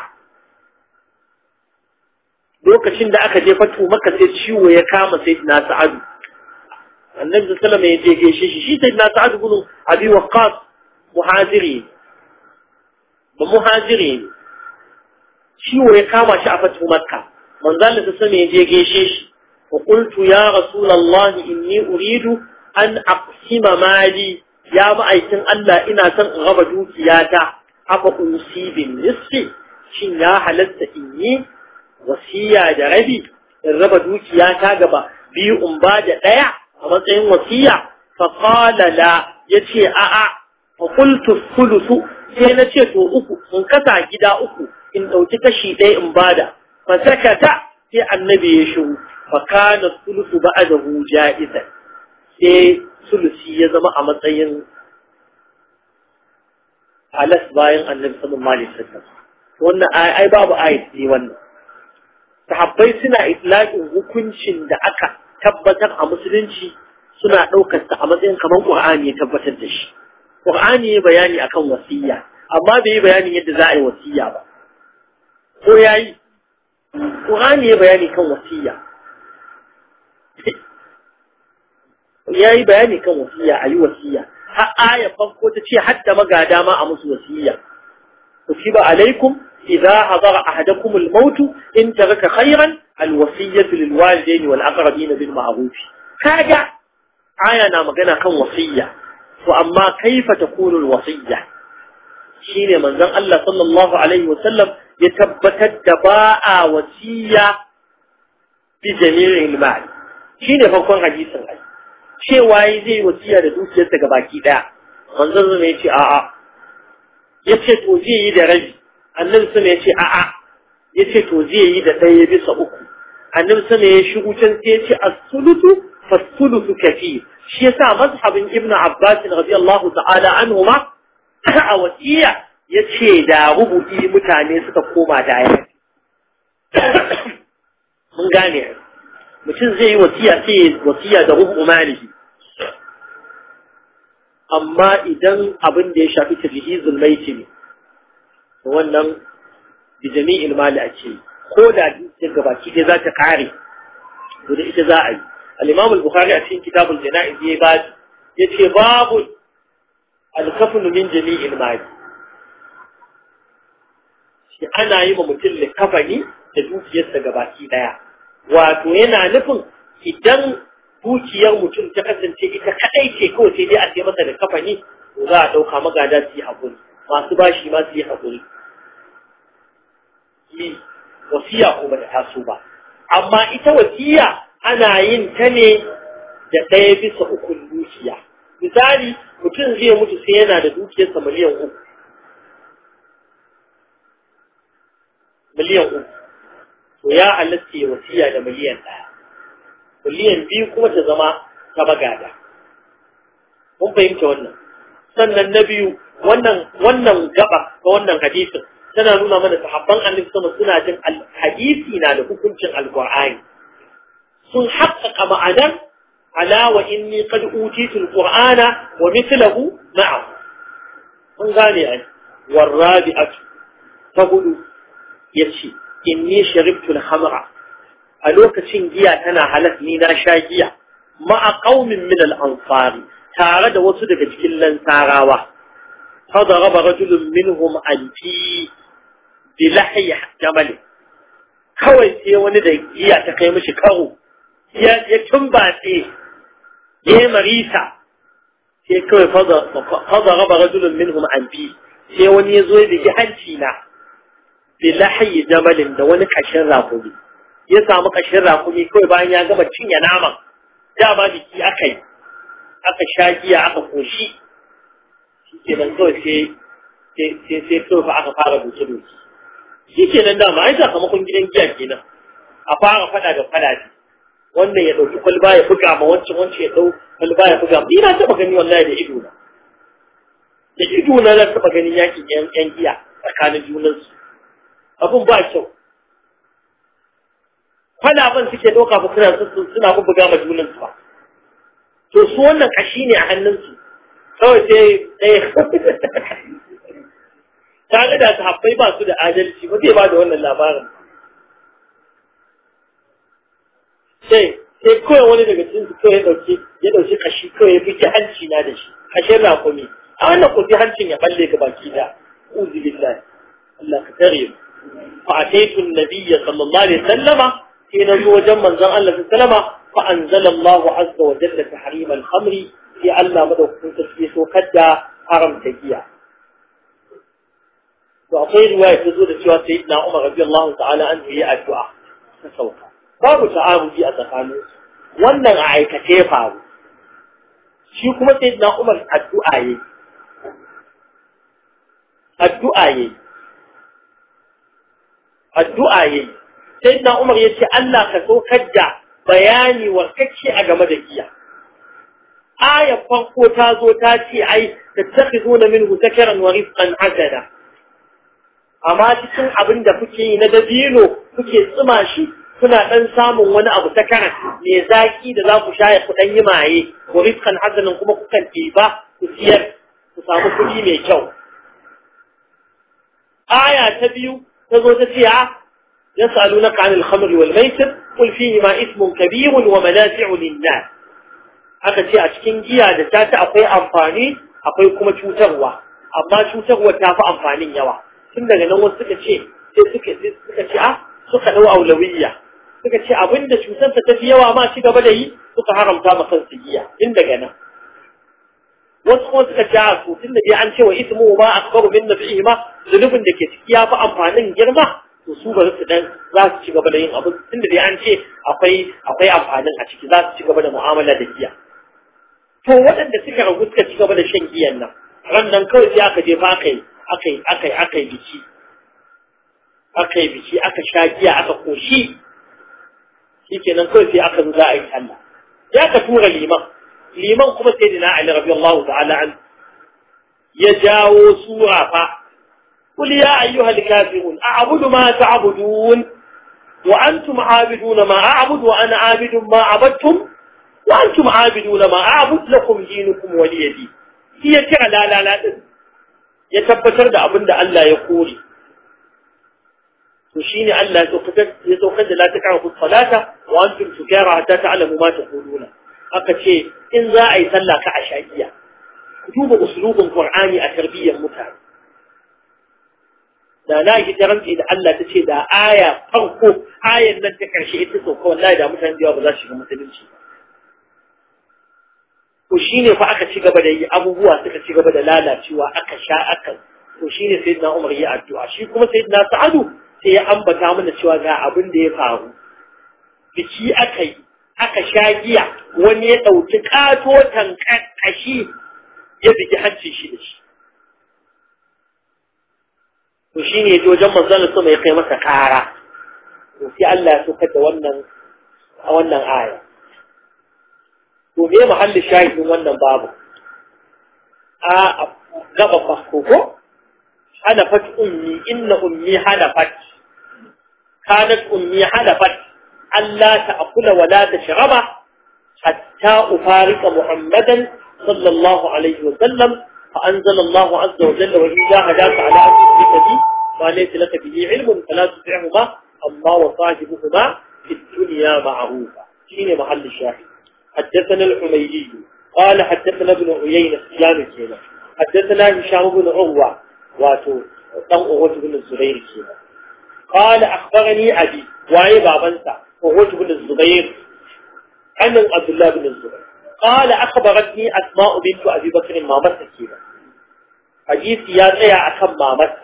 lokacin da aka je fatu maka sai ciwo ya kama sai na sa'adu annabi sallallahu alaihi wasallam ya je gaishe shi shi sayyidina sa'ad ibn abi waqqas muhajiri ne ciwo ya kama shi a fatu makka manzo Allah sallallahu alaihi wasallam ya je gaishe shi inni uridu an aqsima mali ya ma'aikin Allah ina son in raba dukiyata afa usi bin nisfi shin ya halatta in yi wasiya da rabi in raba dukiyata gaba biyu in ba da ɗaya a matsayin wasiya fa qala la yace a a fa qultu sai na ce to uku in kasa gida uku in dauki kashi ɗaya in bada fa sakata sai annabi ya shiru fa kana a ba'dahu ja'iza sai sulusi ya zama a matsayin halas bayan annabi sallallahu alaihi wasallam wannan ai babu ayat ne wannan sahabbai suna itlaqin hukuncin da aka tabbatar a musulunci suna ɗaukar ta a matsayin kamar Qur'ani ya tabbatar da shi Qur'ani ya bayani akan wasiyya amma bai yi bayani yadda za a yi wasiyya ba ko yayi Qur'ani ya bayani kan wasiyya yi bayani kan wasiyya a yi wasiyya har aya farko ta ce hatta magada ma a musu wasiyya kutiba alaikum idza hadara ahadakum al-maut in taraka khayran الوصية للوالدين والأقربين بالمعروف كاجة آية نعم قلنا كان وصية وأما كيف تكون الوصية شين من ذن الله صلى الله عليه وسلم يتبت الدباء وصية بجميع المال شين فكون حديثا لي شيء وايزي وصية لدوسية تقباكي دا من ذن ذن يتي آآ آ. يتي توزيه يدي رجي النبس يتي آآ آ. يتي توزيه يدي تيبس أكو annabi sama ya shiru can sai ya ce a sulutu fa sulutu kafi shi yasa mazhabin ibnu abbas radiyallahu ta'ala anhuma (clears throat) a wasiya yace da rubu'i mutane suka koma da ya (clears throat) mun gane mutum zai yi wasiya sai wasiya da rubu'u malihi amma idan abin da ya shafi tajhizul maiti ne wannan bijami'il mali ake yi ko da daga gabaki ɗaya za ta kare, to da ita za a yi al-imam al-bukhari a cikin kitabul jana'iz ya ba yace babu al-kafnu min jami'il mali shi ana yi ma mutum da kafani da dukiyarsa gabaki ɗaya wato yana nufin idan dukiyar mutum ta kasance ita kadai ce kawai sai dai a sai masa da kafani to za a ɗauka magada su yi haƙuri masu bashi ma su yi haƙuri wasiya ko ba ta taso ba amma ita wasiya ana yin ta ne da ɗaya bisa ukun dukiya misali mutum zai mutu sai yana da dukiyarsa miliyan uku miliyan uku to ya halatta ya wasiya da miliyan ɗaya miliyan biyu kuma ta zama ta bagada mun fahimta wannan sannan na biyu wannan wannan gaba ga wannan hadisin tana nuna mana sahabban annabi sama suna jin hadisi na da hukuncin alqur'ani sun haƙƙaƙa ma'anar ala wa inni qad utitu alqur'ana wa mithluhu ma'a mun gane ai warabi'atu ta hudu yace inni sharibtu al-hamra a lokacin giya tana halas ni na sha giya ma'a qaumin min al-ansari tare da wasu daga cikin lansarawa fa daraba rajulun minhum anti bi lahiya kawai sai wani da giya ta kai mishi karo ya tumbatse ya yi marisa sai kawai faza raba rajulun minhum an bi sai wani ya zo ya bigi hanci na bi lahiyi jamalin da wani kashin rakumi ya samu kashin rakumi kawai bayan ya gama cinye naman da ba biki aka yi aka sha giya aka koshi shi ke ban kawai sai sai sai kawai aka fara buce doki. shi ke nan dama ai sakamakon gidan giya kenan a fara fada da fada ne wannan ya ɗauki kwalba ya buga ma wancan wancan ya dau kwalba ya buga ni ina taɓa gani wallahi da ido na da ido na na taɓa ganin yaki yan giya tsakanin junansu abun ba kyau Fada ban suke ɗauka ba suna suna buga ma junansu ba to su wannan kashi ne a hannunsu kawai sai ɗaya (laughs) kaga da sahabbai ba su da adalci ba zai ba da wannan labarin sai sai kawai wani daga cikin su kawai ya dauki ya dauki kashi kawai ya bige hanci na da shi kashin rakumi a wannan ku bi hancin ya balle ga baki da uzu billahi Allah ka tare mu fa ataitu an-nabiyya sallallahu alaihi wasallama sai na zo wajen manzon Allah sallallahu alaihi wasallama fa anzala Allahu azza wa jalla tahrim al-khamri sai Allah madaukakin sarki so kadda haramta giya to akwai riwaya ta zo da cewa sayyidina Umar radiyallahu ta'ala an yi addu'a ta sauka babu ta'arudi a tsakanin wannan a aikace ya faru shi kuma sayyidina Umar addu'a yayi addu'a yayi addu'a yayi sayyidina Umar yace Allah ka saukar da bayani warkacce a game da giya ayar farko ta zo ta ce ai tattakhizuna minhu zakaran wa rizqan hasana amma cikin abin da kuke yi na dabino kuke tsuma shi kuna dan samun wani abu ta kara mai zaki da za ku sha ya ku dan yi maye wa rizqan hasanan kuma ku kan ba ku siyar ku samu kuɗi mai kyau aya ta biyu ta zo ta ce يسألونك عن الخمر والميسر قل فيهما اسم كبير ومنافع للناس aka ce a cikin giya da ta ta akwai amfani akwai kuma cutarwa amma cutarwa ta fi amfanin yawa tun daga nan wasu suka ce sai suka suka ce ah suka dau aulawiyya suka ce abinda cutar ta tafi yawa ma ci gaba da yi suka haramta ma kan su giya tun daga nan wasu kuma suka ce a ah, tun da dai an ce wa ismu ma akbaru min nafihi ma zunubin da ke ciki ya fi amfanin girma to su ba su dan za su ci gaba da yin abu tun da dai an ce akwai akwai amfanin a ciki za su ci gaba da mu'amala da giya to waɗanda suka ragu suka ci gaba da shan giyan nan ran nan kawai sai aka je fa aka yi akai akai akai biki akai biki aka sha giya aka koshi shikenan kawai sai aka zo za a yi sallah ya ka tura liman liman kuma sai dina Ali radiyallahu ta'ala an ya jawo sura fa قل يا أيها الكافرون أعبد ما تعبدون وأنتم عابدون ما أعبد وأنا عابد ما عبدتم وأنتم عابدون ما أعبد لكم دينكم ولي دين هي كلا لا لا لا ya tabbatar da abin da Allah ya kore to shine Allah ya saukar da latika ku salata wa antum sukara hatta ta'lamu ma taquluna aka ce in za a yi sallah ka a shagiya ku duba uslubin qur'ani a tarbiyyar mutane da na yi da Allah ta ce da aya farko ayan nan ta karshe ita sauka wallahi da mutane da yawa ba za su shiga musulunci ba shi ne fa aka ci gaba da yi abubuwa suka ci gaba da lalacewa aka sha aka to shine sayyidina Umar ya addu'a shi kuma sayyidina Sa'adu sai ya ambata mana cewa ga abin da ya faru biki aka yi aka sha giya wani ya dauki katotan kashi ya biki hancin shi da shi to shine ya wajen manzon sama ya kai masa kara to sai Allah ya saukar wannan a wannan aya to me mahallin shahidin wannan babu a gaba farko ko halafat ummi inna ummi halafat kanat ummi halafat Allah ta akula wala ta shiraba hatta ufarika muhammadan sallallahu alaihi wa sallam azza wa jalla wa وإن جاهداك ala أن kadi wa laysa laka لك به fala فلا amma wa وصاحبهما fi dunya معروفا shine mahalli الشاهد حدثنا الحميدي قال حدثنا ابن عيينة سلام كينا حدثنا هشام بن عروة واتو دان عروة بن الزبير كينا قال أخبرني أبي وعي بابنسا عروة بن الزبير عن عبد الله بن الزبير قال أخبرتني أسماء بنت أبي بكر ما مسكينا حديث يا ريا أكم ما مات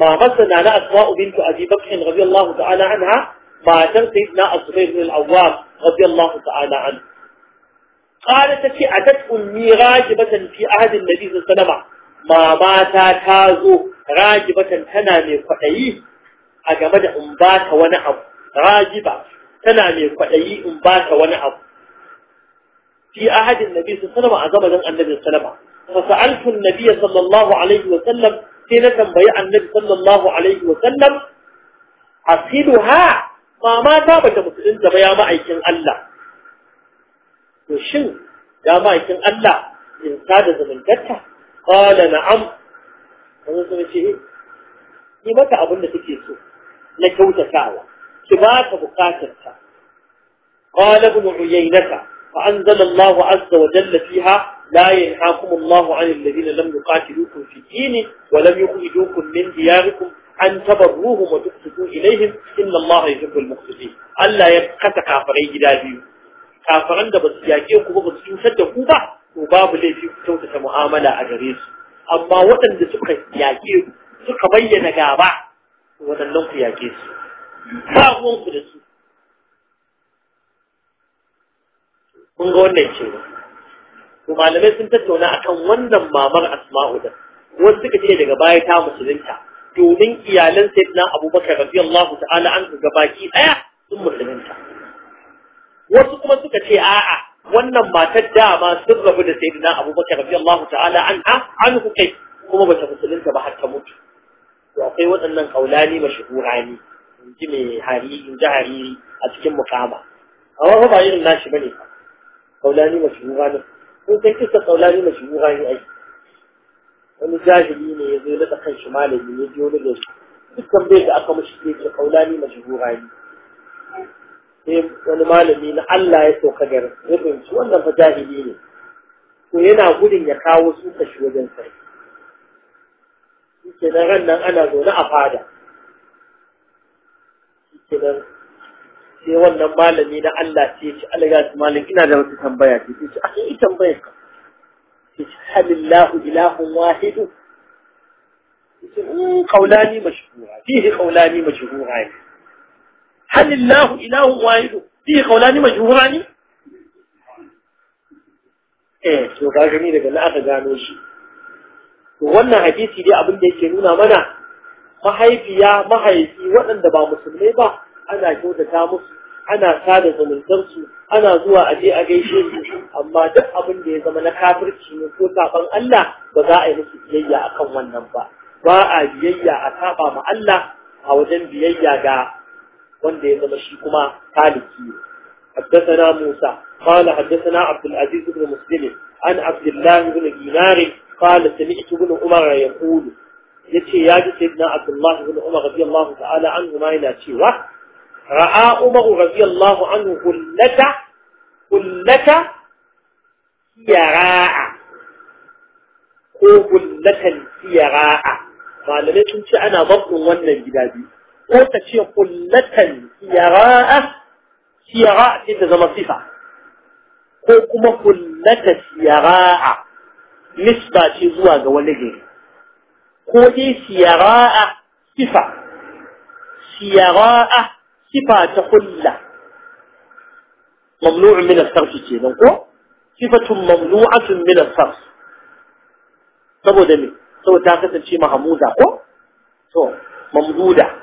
ما مات أنا أسماء بنت أبي بكر رضي الله تعالى عنها ما سيدنا الزبير بن العوام رضي الله تعالى عنه قالت في عدد أمي راجبة في عهد النبي صلى الله عليه وسلم ما مات تازو راجبة تنا فأيه أجمد أمبات ونعب راجبة تنا فأيه أمبات ونعب في عهد النبي صلى الله عليه وسلم أزمد النبي صلى الله عليه وسلم فسألت النبي صلى الله عليه وسلم سنة بيع النبي صلى الله عليه وسلم أصيلها ba mata ba ta musulunta ba ya ma'aikin Allah to shin ya ma'aikin Allah in sada zumuntarta qala na'am wani sun ce ni mata abin da take so na kyautatawa ki ba ta bukatarta qala ibn uyaynata فأنزل الله عز وجل فيها لا ينهاكم الله عن الذين لم يقاتلوكم في الدين ولم يخرجوكم من دياركم an tabarruhum wa tuqsitu ilaihim inna Allah yuhibbul muqsitin Allah ya kasa kafirai gida biyu kafiran da basu yake ku ba basu cutar da ku ba to babu laifi ku kyautata mu'amala a gare su amma waɗanda suka yake suka bayyana gaba waɗannan ku yake su ba ku da su kun ga wannan cewa to malamai sun tattauna akan wannan mamar asma'u da wasu suka ce daga baya ta musulunta domin iyalan sayyidina abubakar radiyallahu ta'ala an ga baki daya sun musulunta wasu kuma suka ce a'a wannan matar dama sun rabu da sayyidina abubakar radiyallahu ta'ala an an kai kuma bata musulunta ba har ta mutu to akwai waɗannan kaulani mashhurani in ji mai hari in ji hariri a cikin mukama amma ba irin nashi bane kaulani mashhurani kun san kisa kaulani mashhurani ai wani jahili ne ya zai naɗa kan shi malami biyo ji da gari dukkan bai da aka mashi ke ce kaulani mashhura ne sai wani malami na Allah ya sauka garin ya fahimci wannan fa jahili ne to yana gudun ya kawo su shi wajen sai shi ke nan ran nan ana zaune a fada shi ke nan sai wannan malami na Allah ce Allah ya ji malami ina da wata tambaya ce ce a yi tambayar ka هل الله إله واحد قولان مشهوران فيه قولان مشهوران هل الله إله واحد فيه قولان مشهوران eh to ga gani daga na aka gano shi wannan hadisi ne abin da yake nuna mana mahaifiya mahaifi waɗanda ba musulmai ba ana kyautata musu ana sada zumuntarsu ana zuwa a je a gaishe su amma duk abin da ya zama na kafirci ne ko saban Allah ba za a yi musu biyayya akan wannan ba ba a biyayya a saba ma Allah a wajen biyayya ga wanda ya zama shi kuma taliki ne حدثنا موسى قال حدثنا عبد العزيز بن مسلم عن عبد الله بن دينار قال سمعت بن عمر يقول yace ya ji sayyidina Abdullah ibn Umar radiyallahu ta'ala anhu ma yana cewa رأى عمر رضي الله عنه هلة هلة سيراء هو هلة سيراء قال لي تنسى أنا ضبط ون الجدادي هو تشي هلة سيراء سيراء تتزم صفة هو كما هلة سيراء نسبة تزوى جوالجين هو دي سيراء صفة سيراء صفة خلة ممنوع من الصرف شيء نقول صفة ممنوعة من الصرف طب ودمي طب تأخذ الشيء محمودة أو so ممدودة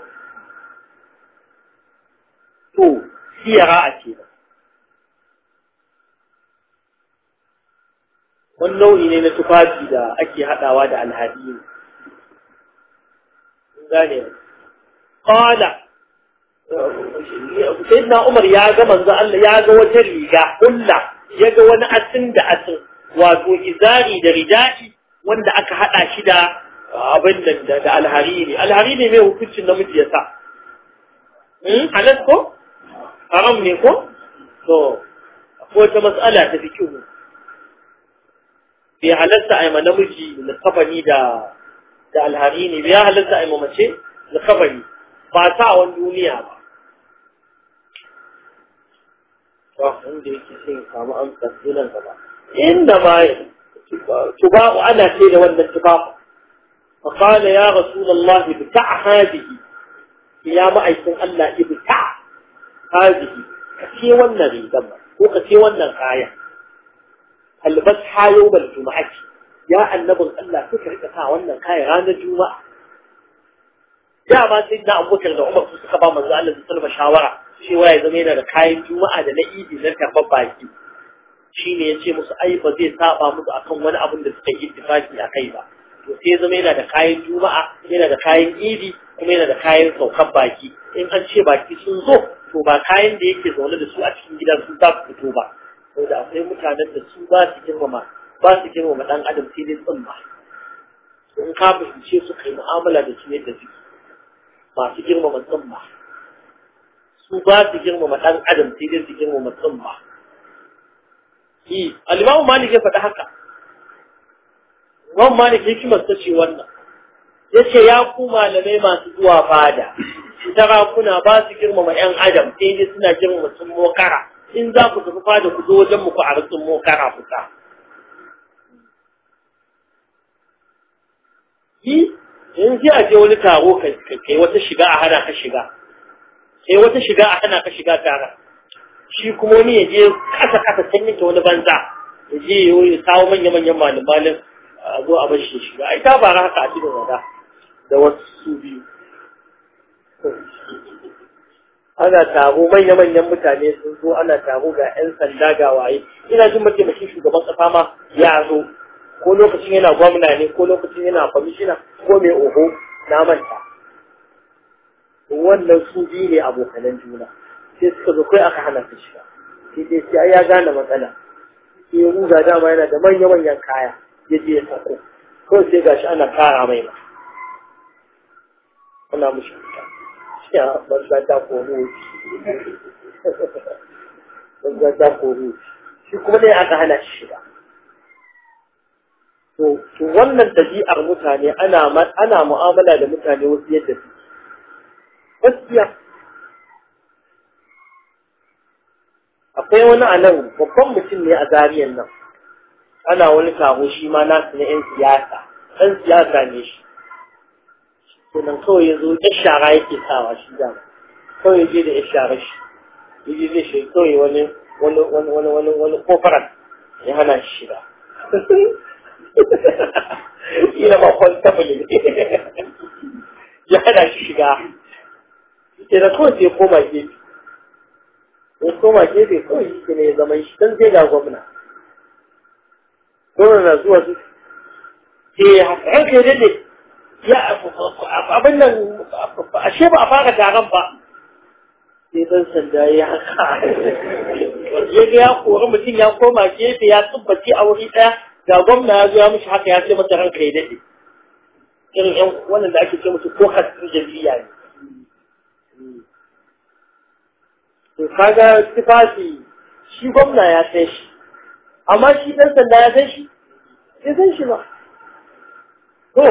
so سيرة أكيد والنوع إني نتفاجئ إذا أكي هذا وادع الحديث قال sayyidina Umar ya ga manzo Allah ya ga wata riga kullu ya ga wani asin da asin wato izari da ridai wanda aka hada shi da abin da da alhariri alhariri mai hukuncin namiji ya sa hmm halas ko haram ne ko to akwai wata mas'ala ta fikihu bai halarta a yi namiji likabani da da alharini bai halarta a yi mace kafani ba ta a wani duniya ba ba wanda yake sai ya samu amsa sunan ba inda ma tubahu ana sai da wannan tubahu فقال يا رسول الله ابتع هذه يا مأيسن الله ابتع هذه كثير ولا ريدم وكثير ولا غاية البسحة يوم الجمعة يا النبي الله تكرك ساعة ولا غاية غانا الجمعة يا ما سيدنا أبو بكر وعمر سكبا من زعل الذي طلب شاورة cewa ya zama yana da kayan juma'a da na idi na karɓar baki shi ne ya ce musu ai ba zai saba musu akan wani abin da suka yi ittifaki a kai ba to sai ya zama yana da kayan juma'a yana da kayan idi kuma yana da kayan saukan baki in an ce baki sun zo to ba kayan da yake zaune da su a cikin gidan su za su fito ba saboda akwai mutanen da su ba su girmama ba su girmama dan adam sai dai tsumma in ka fahimce su kai mu'amala da su yadda suke masu girmama tsumma su ba su girmama ɗan adam sai dai su girmama tsumma alimamu malik ya faɗi haka imam malik hikimar ta ce wannan ya ce ya ku malamai masu zuwa fada kuna ba su girmama ‘yan adam sai dai suna girmama sun mokara in za ku tafi fada ku zo wajen muku a rasin mokara ku sa. Yi, in ji a je wani taro kai wata shiga a hana ka shiga. sai wata shiga a tana ka shiga tara shi kuma wani ya je kasa kasa sanyin ta wani banza ya je ya kawo manya manyan malin malin a zo a bashi shiga ai ta bara haka a cikin wada da wasu su biyu ana taro manya manyan mutane sun zo ana taro ga yan sanda ga waye ina jin mataimakin shugaban kasa ma ya zo ko lokacin yana gwamna ne ko lokacin yana kwamishina ko mai oho na manta wannan su biyu ne abokanan juna sai suka zo kai aka hana su shiga sai dai sai ya gane matsala sai ya huga dama yana da manya manyan kaya ya je ya sako kawai sai gashi ana kara mai ma ana mushi fita shi a banza ta koro banza ta koro shi kuma ne aka hana shi shiga to wannan ɗabi'ar mutane ana ana mu'amala da mutane wasu yadda su gaskiya akwai wani a nan babban mutum ne a zariyan nan ana wani taho shi ma nasu na 'yan siyasa ɗan siyasa ne shi sannan kawai ya zo ya shara yake sawa shi da kawai ya je da ya shara shi ya je zai shi kawai wani wani wani wani wani wani kofaran ya hana shi shiga ina ma kwan tabbalin ya hana shi shiga ke da kawai sai koma gefe ko koma gefe kawai shi ke ne zama shi don zai ga gwamna gwamna na zuwa su ke eh, haka kai dade ya abin nan shi ba a fara taron ba sai zan sanda ya haka ya ga ya kori mutum ya koma gefe ya tsubbaci a wuri ɗaya ga gwamna ya zo ya mishi haka ya ce masa ranka ya dade irin yan wannan da ake ce mutu ko hasu jam'iyya ne to kaga tufafi shi gwamna ya san shi amma shi ɗan sanda ya san shi ya san shi ba to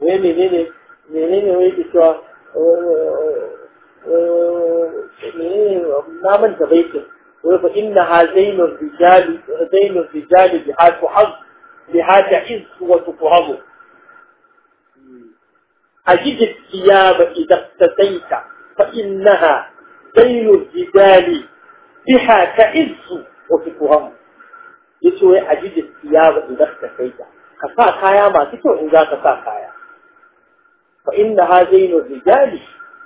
wai menene menene wai ke cewa menene na manta baitin wai fa inna ha zainul rijali zainul rijali bi ha tuhaz bi ha ta'iz wa tuqrabu ajiji siyaba idan ta zai ka fa ina biha ka izu wasu tuhon ya ce wai ajiji siyaba idan ta zai ka sa kaya masu kyau in za ka sa kaya fa ina ha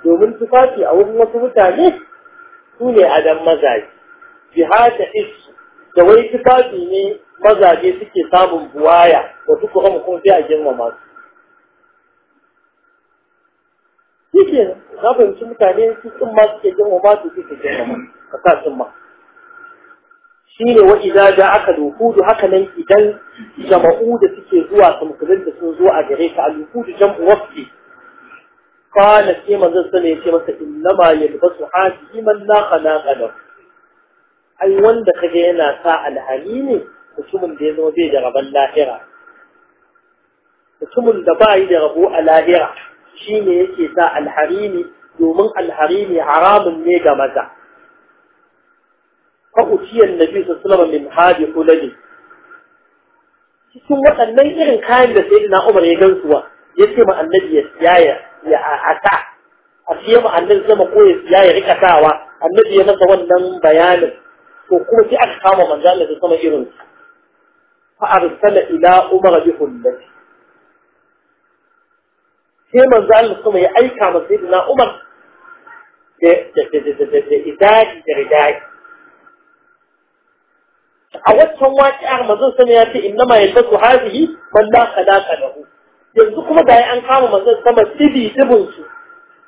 domin tufafi a wurin wasu mutane su ne adan mazaje biha ka izu da wai tufafi ne mazaje suke samun buwaya wasu kuma kuma sai a girmama su yake na fahimci mutane su tsin ma suke girma ma su suke girma ka sa tsin ma shi ne wa idza da aka haka nan idan jama'u da suke zuwa mukulin da sun zo a gare ka al-dukudu jam'u waqti kana sai zan sani ya ce masa innama yalbasu hadihi man la khalaqa lahu ai wanda kaga yana sa alhali ne mutumin da ya zama bai da rabon lahira mutumin da ba yi da rabo a lahira shine yake sa alharimi domin alharimi haramun ne ga maza ko uciyan nabi sallallahu alaihi wasallam min hadi kulli cikin wadannan irin kayan da sai na umar ya gansuwa yace ma annabi ya siyaya ya aka a siya ma annabi sama ko ya siya ya rika sawa annabi ya masa wannan bayanin to kuma sai aka kama manzo Allah sama irin fa arsala ila umar bi hullati sai manzo Allah kuma ya aika ma na Umar da da da da da idadi da ridadi a waccan waƙiyar manzo sama ya ce inna ma yadda hadhihi walla la khalaqa lahu yanzu kuma da an kama manzo sama sibi tibin su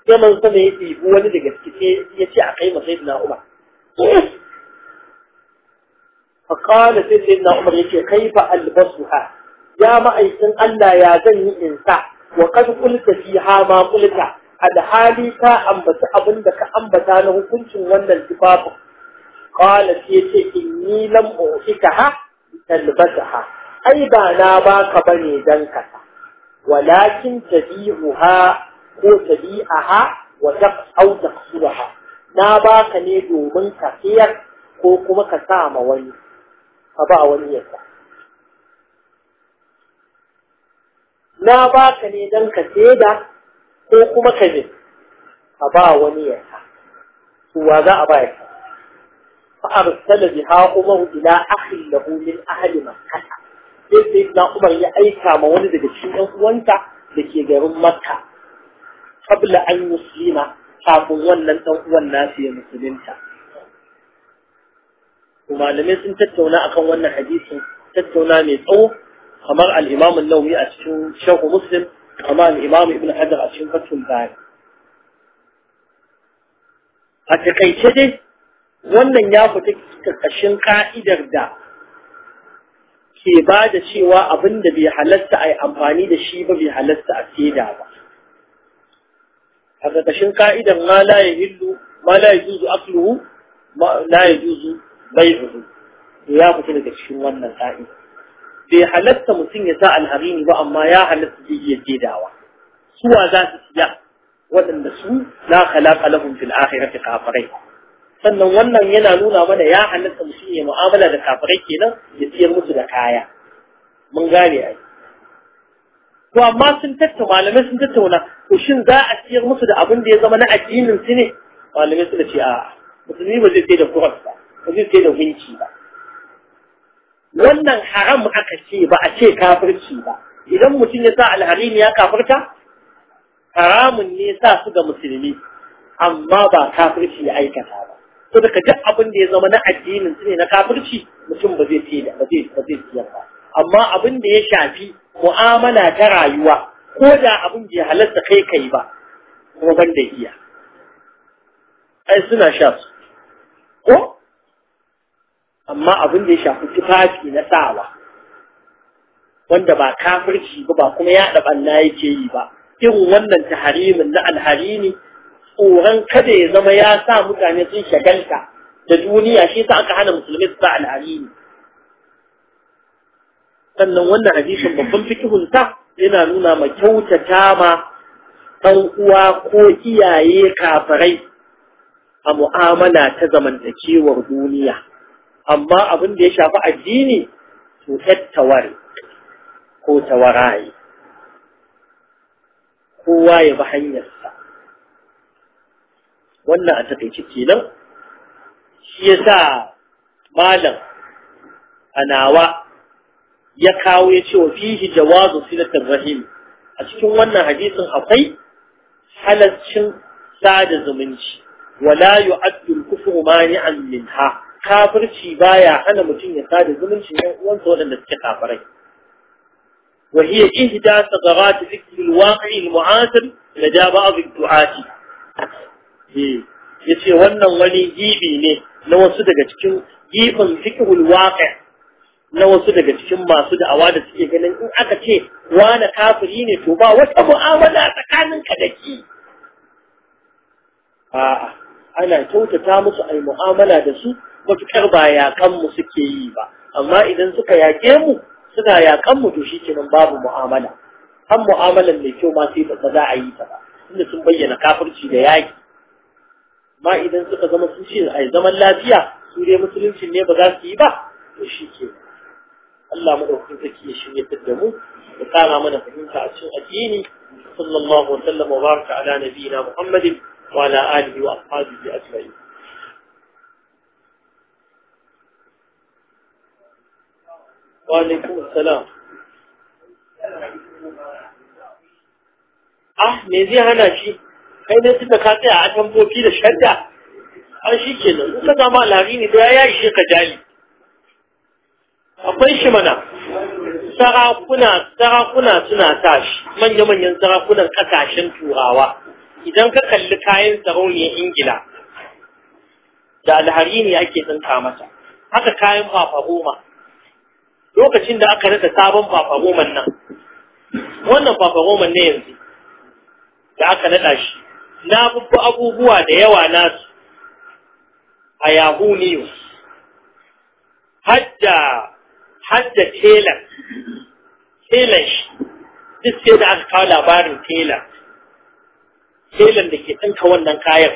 sai manzo sama ya tibi wani daga ciki ya ce a kai ma na Umar na Umar عمر يكي كيف albasuha ya ma'aikin Allah ya zan yi insa. wa qad qulta fiha ma qulta alhali ambaci ambata da ka ambata na hukuncin wannan tufafin qala sai yace inni lam uhikaha talbasaha ai ba na baka bane dan kasa walakin tabi'uha ko tabi'aha wa taqau taqsulaha na baka ne domin ka siyar ko kuma ka sa ma ba wani yasa na ba ka ne don ka da ko kuma ka ne a ba wani ya sa wa za a ba ya sa fa arsala biha Umaru ila akhin lahu min ahli makkah sai sai na umar ya aika ma wani daga cikin ɗan uwanta da ke garin makka qabla an muslima kafin wannan ɗan uwan nasu ya musulunta malamai sun tattauna akan wannan hadisin tattauna mai tsawo kamar al-Imam an-Nawawi a cikin Sharh Muslim kamar al-Imam Ibn Hajar a cikin Fathul Bari a takaice dai wannan ya fita ƙarƙashin ka'idar da ke ba da cewa abinda bai halatta ai amfani da shi ba bai halatta a saida ba a ƙarƙashin ka'idar ma la yahillu ma la ya akluhu ma la ya juzu bai'uhu ya fita daga cikin wannan ka'ida bai halatta mutum ya sa alharini ba amma ya halatta zai iya jedawa suwa za su siya waɗanda su la khalaqa lahum fil akhirati kafirai sannan wannan yana nuna mana ya halatta mutum ya mu'amala da kafirai kenan ya siyar musu da kaya mun gane ai to amma sun tattauna malamai sun tattauna to shin za a siyar musu da abin da ya zama na addinin su ne malamai suka ce a musulmi ba zai sai da kuras ba ba zai sai da gunki ba wannan haram aka ce ba a ce kafirci ba idan mutum ya sa alharim ya kafirta haramun ne sa su ga musulmi amma ba kafirci ya aikata ba to daga duk abin da ya zama na addinin su ne na kafirci mutum ba zai tiyar ba zai ba ba amma abin da ya shafi mu'amala ta rayuwa ko da abin da ya halarta kai kai ba kuma ban da iya ai suna sha su ko amma abin da ya shafi tufafi na sawa wanda ba kafirci ba ba kuma yaɗa ɓanna yake yi ba irin wannan taharimin na alharini tsoron kada ya zama ya sa mutane sun shagalta da duniya shi sa aka hana musulmi su sa alharini sannan wannan hadisin babban fikihun yana nuna ma kyautata ma ɗan uwa ko iyaye kafirai a mu'amala ta zamantakewar duniya amma abin da ya shafi addini to tattaware ko tawaraye kowa ya bi hanyarsa wannan a taƙaice kenan shi ya sa malam a nawa ya kawo ya ce wa fihi jawazu silatar rahim a cikin wannan hadisin akwai halaccin sada zumunci wala yu'addu al-kufru mani'an minha kafirci baya hana mutum ya sada zumunci ɗan uwansa waɗanda suke kafirai wa hiya ihda sadarat dhikr al waƙar muasir la ja ba'd du'ati eh, yace wannan wani gibi ne na wasu daga cikin gibin fiqhul waƙar, na wasu daga cikin masu da'awa da suke ganin in aka ce na kafiri ne to ba wata mu'amala tsakanin da ki ana kyautata musu ai mu'amala da su matukar ba yakan mu suke yi ba amma idan suka yaƙe mu suna yakan mu to kenan babu mu'amala Kan mu'amalan mai kyau ma sai ba za a yi ta ba inda sun bayyana kafirci da yaƙi amma idan suka zama sun ce ai zaman lafiya su dai musulunci ne ba za su yi ba to shikenan Allah madaukakin sarki ya shirye da mu da kara mana fahimta a cikin addini sallallahu alaihi wa sallam wa baraka ala nabiyina muhammadin وعلى آله وأصحابه أجمعين وعليكم السلام ah me zai hana shi kai ne tunda ka tsaya a tamboki da shadda an shi ke nan ka zama lari ne da ya shi ka jali akwai shi mana sarakuna sarakuna suna tashi manya-manyan sarakunan kasashen turawa idan ka kalli kayan sarauniyar ingila da alhari ne ake tsinka mata haka kayan fafa goma lokacin da aka rasa sabon fafa goman nan wannan fafa goman ne yanzu da aka naɗa shi na bubba abubuwa da yawa nasu a yahoo hadda hadda tela shi duk sai da aka kawo labarin tela telan da ke ɗinka wannan kayan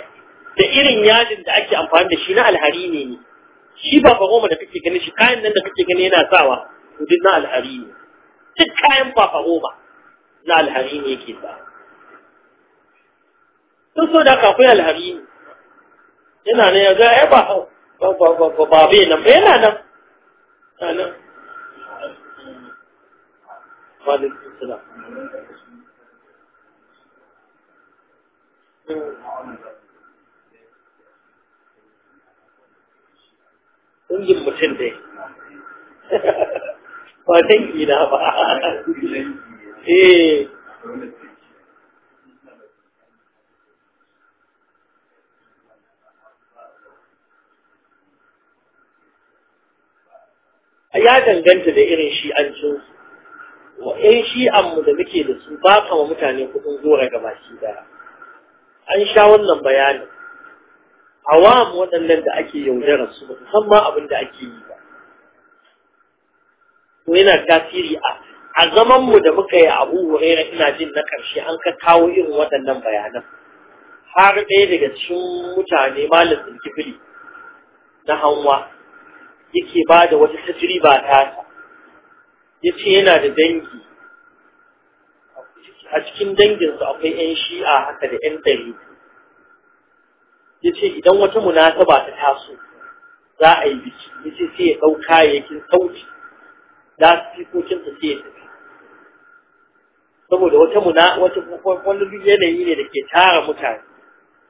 da irin yajin da ake amfani da shi na alhari ne ne shi ba goma da kake gani shi kayan nan da kake gani yana sawa to na alhari ne duk kayan ba goma na alhari ne yake sa sun so da akwai alhari ne yana nan ya ga ai ba ba ba ba nan ba yana nan yana nan ƙungin mutum dai ba dangi na ba eh ya danganta da irin shi an wa ƴan shi'anmu da muke da su ba kama mutane kuɗin gora ga baki daya an sha wannan bayanin awam waɗannan da ake yaudara su ba san abin da ake yi ba to yana tasiri a a zaman mu da muka yi abu huraira ina jin na karshe an ka kawo irin waɗannan bayanan har ɗaya daga cikin mutane malam zulkifili na hanwa yake ba da wata tajriba ta yace yana da dangi a cikin danginsu akwai 'yan shi'a haka da 'yan ɗari ya ce idan wata munasaba ta taso za a yi biki ya ce sai ya ɗau kayayyakin sauti da su sai ya tafi saboda wata muna wata wani yanayi ne da ke tara mutane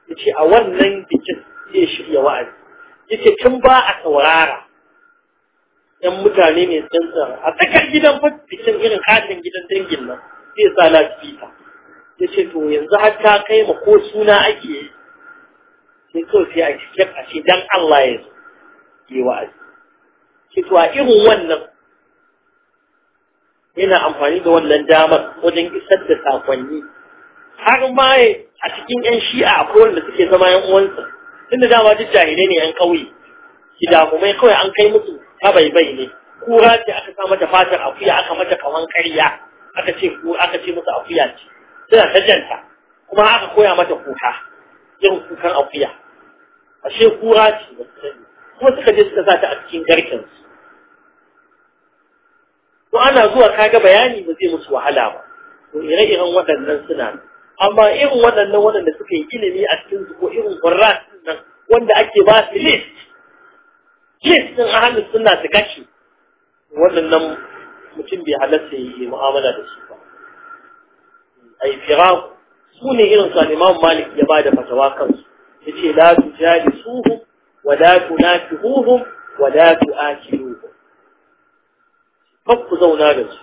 ya ce a wannan bikin ya shirya wa'azi ya ce tun ba a saurara ‘yan mutane ne tsantsar a tsakar gidan bikin irin katin gidan dangin nan zai sa ta ya ce to yanzu har ta kai ma ko suna ake yi sai kawai sai a cikin a ce dan Allah ya zo yi wa'azi ce to a irin wannan yana amfani da wannan damar wajen isar da sakonni har ma a cikin yan shi'a akwai wanda suke zama yan uwansa inda dama duk jahilai ne yan ƙauye gidagumai kawai an kai musu bai bai ne kura ce aka sa mata fatar akuya aka mata kawan ƙarya aka ce ku aka ce masa akuya ce tana ta janta kuma aka koya mata kuka irin kukan akuya ashe kura ce da su sani kuma suka je suka sa ta a cikin garken su to ana zuwa kaga bayani ba zai musu wahala ba to ire-iren waɗannan suna amma irin waɗannan waɗanda suka yi ilimi a cikin su ko irin qur'an nan wanda ake ba su list list din ahalin suna su kashe waɗannan mutum bai halatta ya yi mu'amala da su ba A yi firaku su ne irin su imam Malik ya bada fatawa kansu yace la tujalisuhum wa la tunafihuhum wa la tu'akiluhum ku zauna da su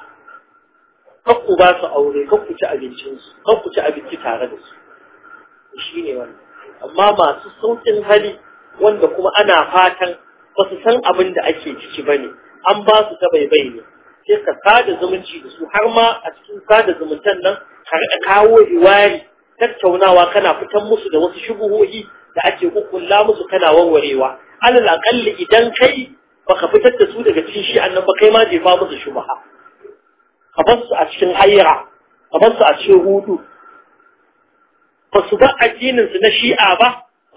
ku ba su aure ku ci abincin su ku ci abinci tare da su shi ne wannan amma masu saukin hali wanda kuma ana fatan ba su san abin da ake ciki ba ne. an ba su ta baibai ne sai ka sada zumunci da su har ma a cikin sada zumuntan nan ka da kawo riwayi tattaunawa kana fitan musu da wasu shubuhohi da ake kukkulla musu kana warwarewa alal aqalli idan kai baka fitar da su daga cikin shi annan ba kai ma jefa musu shubha ka bar su a cikin hayyara ka bar a cikin hudu ba su ba addinin su na shi'a ba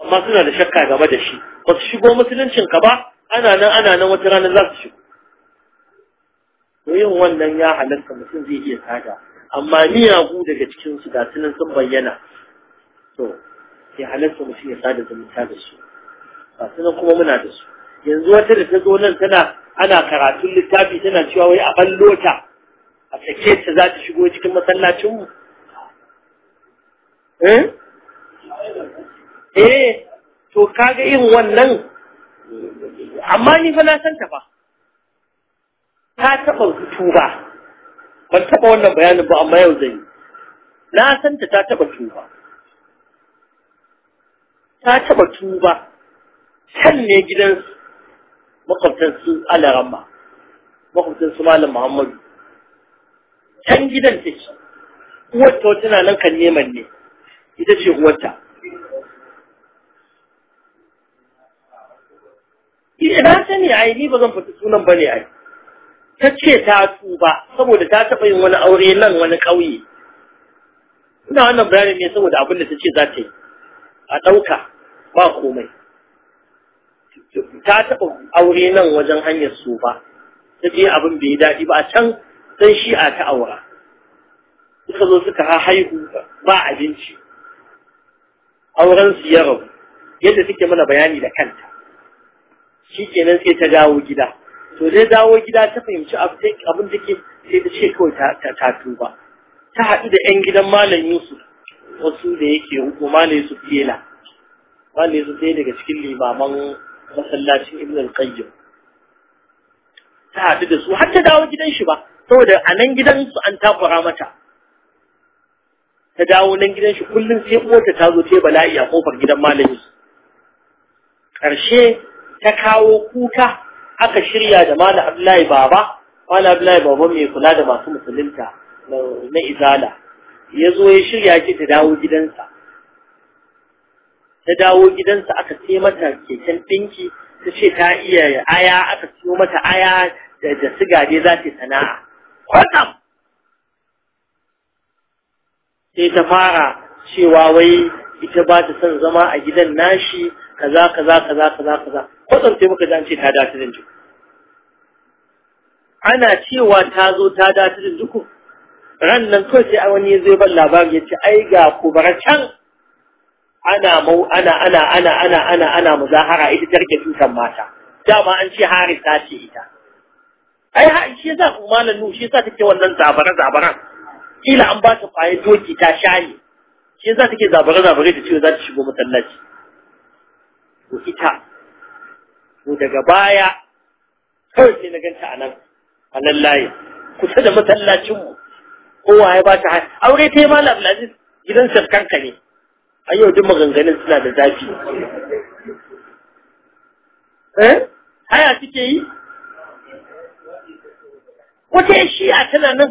amma suna da shakka game da shi ba su shigo musuluncin ka ba ana nan ana nan wata ranar za su shigo to yin wannan ya halatta mutum zai iya sada amma miyagu daga cikin su gasunan sun bayyana to ya halatta mutum ya sada zumunta da su ba kuma muna da su yanzu wata da ta zo nan tana ana karatun littafi tana cewa wai a ballo ta a sake ta za ta shigo cikin masallacinmu eh eh to kaga yin wannan amma ni fa na san ta ba. ta taɓa tuba ban taɓa wannan bayanin ba amma yau zai na san ta taɓa tuba ta taɓa tuba can ne gidansu makwabtansu alarama makwabtansu malam muhammadu can gidan take uwarta wata na nan kan neman ne ita ce uwarta ina sani a yi ni ba zan fita sunan ba ne a yi ta ce ta tuba saboda ta taɓa yin wani aure nan wani ƙauye ina wannan bayanin ne saboda abin da ta ce za ta yi a ɗauka ba komai ta taɓa aure nan wajen hanyar su ba ta je abin bai daɗi ba a can sai shi'a ta aura suka zo suka haihu ba abinci auren su ya rabu yadda suke mana bayani da kanta shi kenan sai ta dawo gida to zai dawo gida ta fahimci abin da ke sai ta ce kawai ta tuba ta haɗu da 'yan gidan malam yusuf wasu da yake hukum malam yusuf yela malam yusuf ɗaya daga cikin limaman masallacin ibn al-qayyim ta haɗu da su har ta dawo gidan shi ba saboda a nan gidan su an takura mata ta dawo nan gidan shi kullum sai uwarta ta zo ta bala'i a kofar gidan malam yusuf ƙarshe ta kawo kuka aka shirya da Malam Abdullahi Baba Malam Abdullahi Baba mai kula da masu musulunta na izala ya zo ya shirya ki ta dawo gidansa ta dawo gidansa aka ce mata keken ɗinki ta ce ta iya aya aka siyo mata aya da siga dai za ta sana'a sai ta fara cewa wai ita ba ta son zama a gidan nashi kaza kaza kaza kaza kaza kwatsance muka ji ta dace da jiku ana cewa ta zo ta dace da jiku ran nan kawai sai wani ya zai ban labari ya ce ai ga kubara can ana mau ana ana ana ana ana ana muzahara ita ta rike tutan mata dama an ce harisa ce ita ai ha shi yasa malam nu shi yasa take wannan zabara zabara kila an ba ta kwaye doki ta shaye shi yasa take zabara zabare ta ce za ta shigo masallaci ko ita Ko daga baya kawai sai na ganta a nan a nan layin kusa da masallacinmu kowa ya ba ta haya aure ta yi ma lablaziz gidan sarkanka ne a yau duk maganganun suna da zafi eh haya suke yi wata a tana nan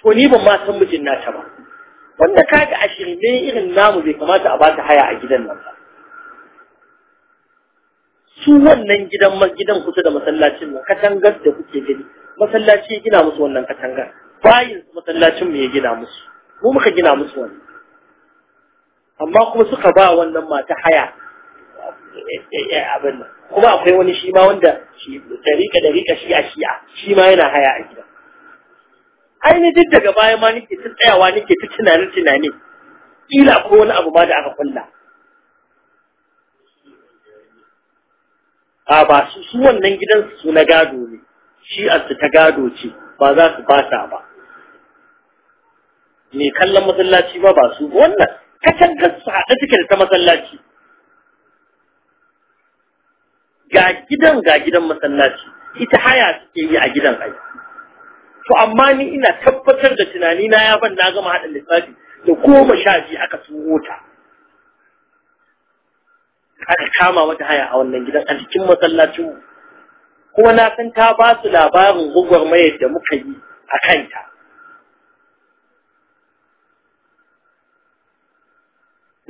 to ni ban ma san mijin nata ba wanda kaga ashirin ne irin namu bai kamata a ba ta haya a gidan nan ba su wannan gidan gidan kusa da masallacin nan katangar da kuke gani masallaci ya gina musu wannan katangar bayin masallacin mu ya gina musu mu muka gina musu wannan amma kuma suka ba wannan mata haya eh, eh, eh, abin nan kuma akwai wani shi ma wanda shi dariƙa dariƙa shi a shi'a shi ma yana haya a gida ai duk daga baya ma nake ta tsayawa nake ta tunani tunani kila ko wani abu ma da aka kulla a ba su wannan gidan su na gado ne shi su ta gado ce ba za su ba ta ba mai kallon masallaci ba ba su wannan kacan su haɗe suke da ta masallaci ga gidan ga gidan masallaci ita haya suke yi a gidan ai to amma ni ina tabbatar da tunani na ya ban na gama haɗin lissafi da goma sha biyu aka turo aka kama mata haya a wannan gidan a cikin masallacin kuma na san ta ba su labarin gwagwarmayar da muka yi a kanta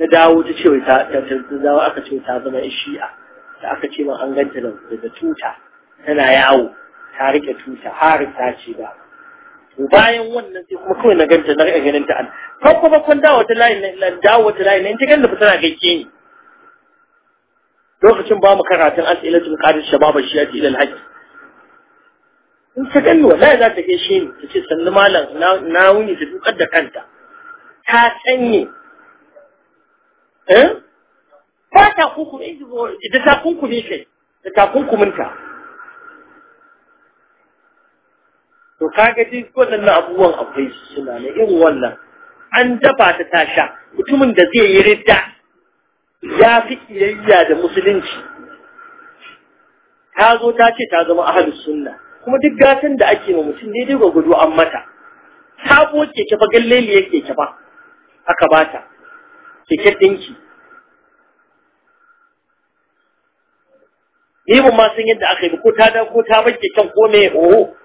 na dawo ta ce ta dawo aka ce ta zama shi'a da aka ce an ganta da tuta tana yawo ta rike tuta har ta ce ba bayan wannan sai kuma kawai na ganta na rika ganin ta an kuma kun dawo ta layin na dawo ta layin nan ta ganta tana gaike ni lokacin ba mu karatun as'ilatul qadir shabab shiyati ila al-haqq in ta gani wallahi za ta gaishe ni ta ce sannu malam na wuni ta dukar da kanta ta sanye eh ba ta kunkume da ta kunkume kai da ta kunkuminta to kaga duk wannan abubuwan akwai suna ne irin wannan an dafa ta sha mutumin da zai yi ridda ya fi iyayya da musulunci ta zo ta ce ta zama ahlus sunna kuma duk gasar da ake ma mutum ne dai gwagwado an mata sabo keke fa galleli yake keke fa aka bata keke dinki ni ma sun yadda aka yi ko ta da ko ta bakke kan ko me oho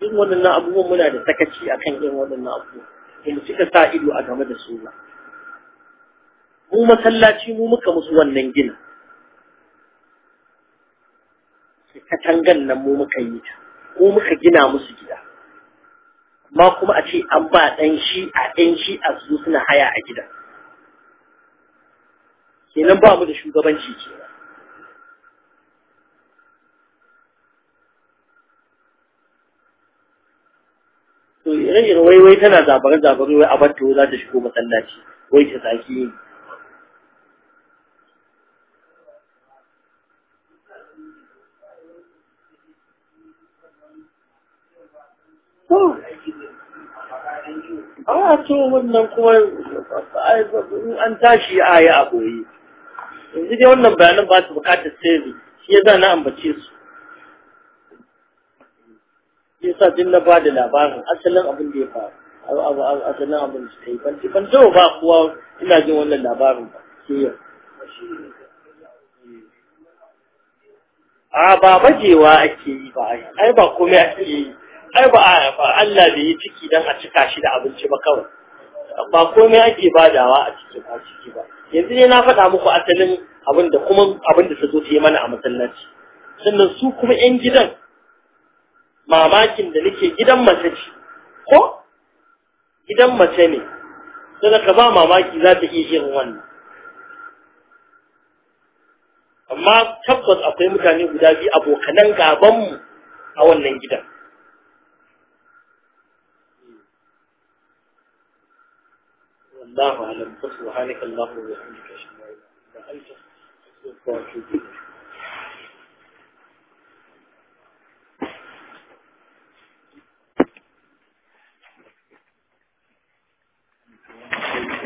duk waɗannan abubuwan muna da sakaci akan irin waɗannan abubuwan ba suka sa ido a game da sunna mu masallaci mu muka musu wannan gina katangan nan mu muka yi ta mu muka gina musu gida amma kuma a ce an ba ɗan shi a ɗan shi a su suna haya a gida kenan ba mu da shugabanci kenan to irin wai wai tana zabare zabare wai abar ta za ta shigo masallaci wai ta zaki yi. a to wannan kuma an tashi a yi a koyi yanzu dai wannan bayanan ba su bukatar sai shi ya na ambace su yasa din na ba da labarin asalin abin da ya faru asalin abin da ta yi ban ban taɓa ba kuwa ina jin wannan labarin ba ke yau a ba bajewa ake yi ba ai ba komai ake yi ai ba Allah da yi ciki dan a cika shi da abinci ba kawai ba komai ake badawa a cikin ba ciki ba yanzu ne na faɗa muku asalin abin da kuma abin da ta zo ta yi mana a masallaci sannan su kuma yan gidan mamakin da nake gidan mace ce ko gidan mace ne sai ka ba mamaki za ta iya yin wannan amma tabbas akwai mutane guda biyu abokanan mu a wannan gidan الله أعلم تصبح عليك الله وبحمدك أشهد أن لا إله إلا أنت أستغفرك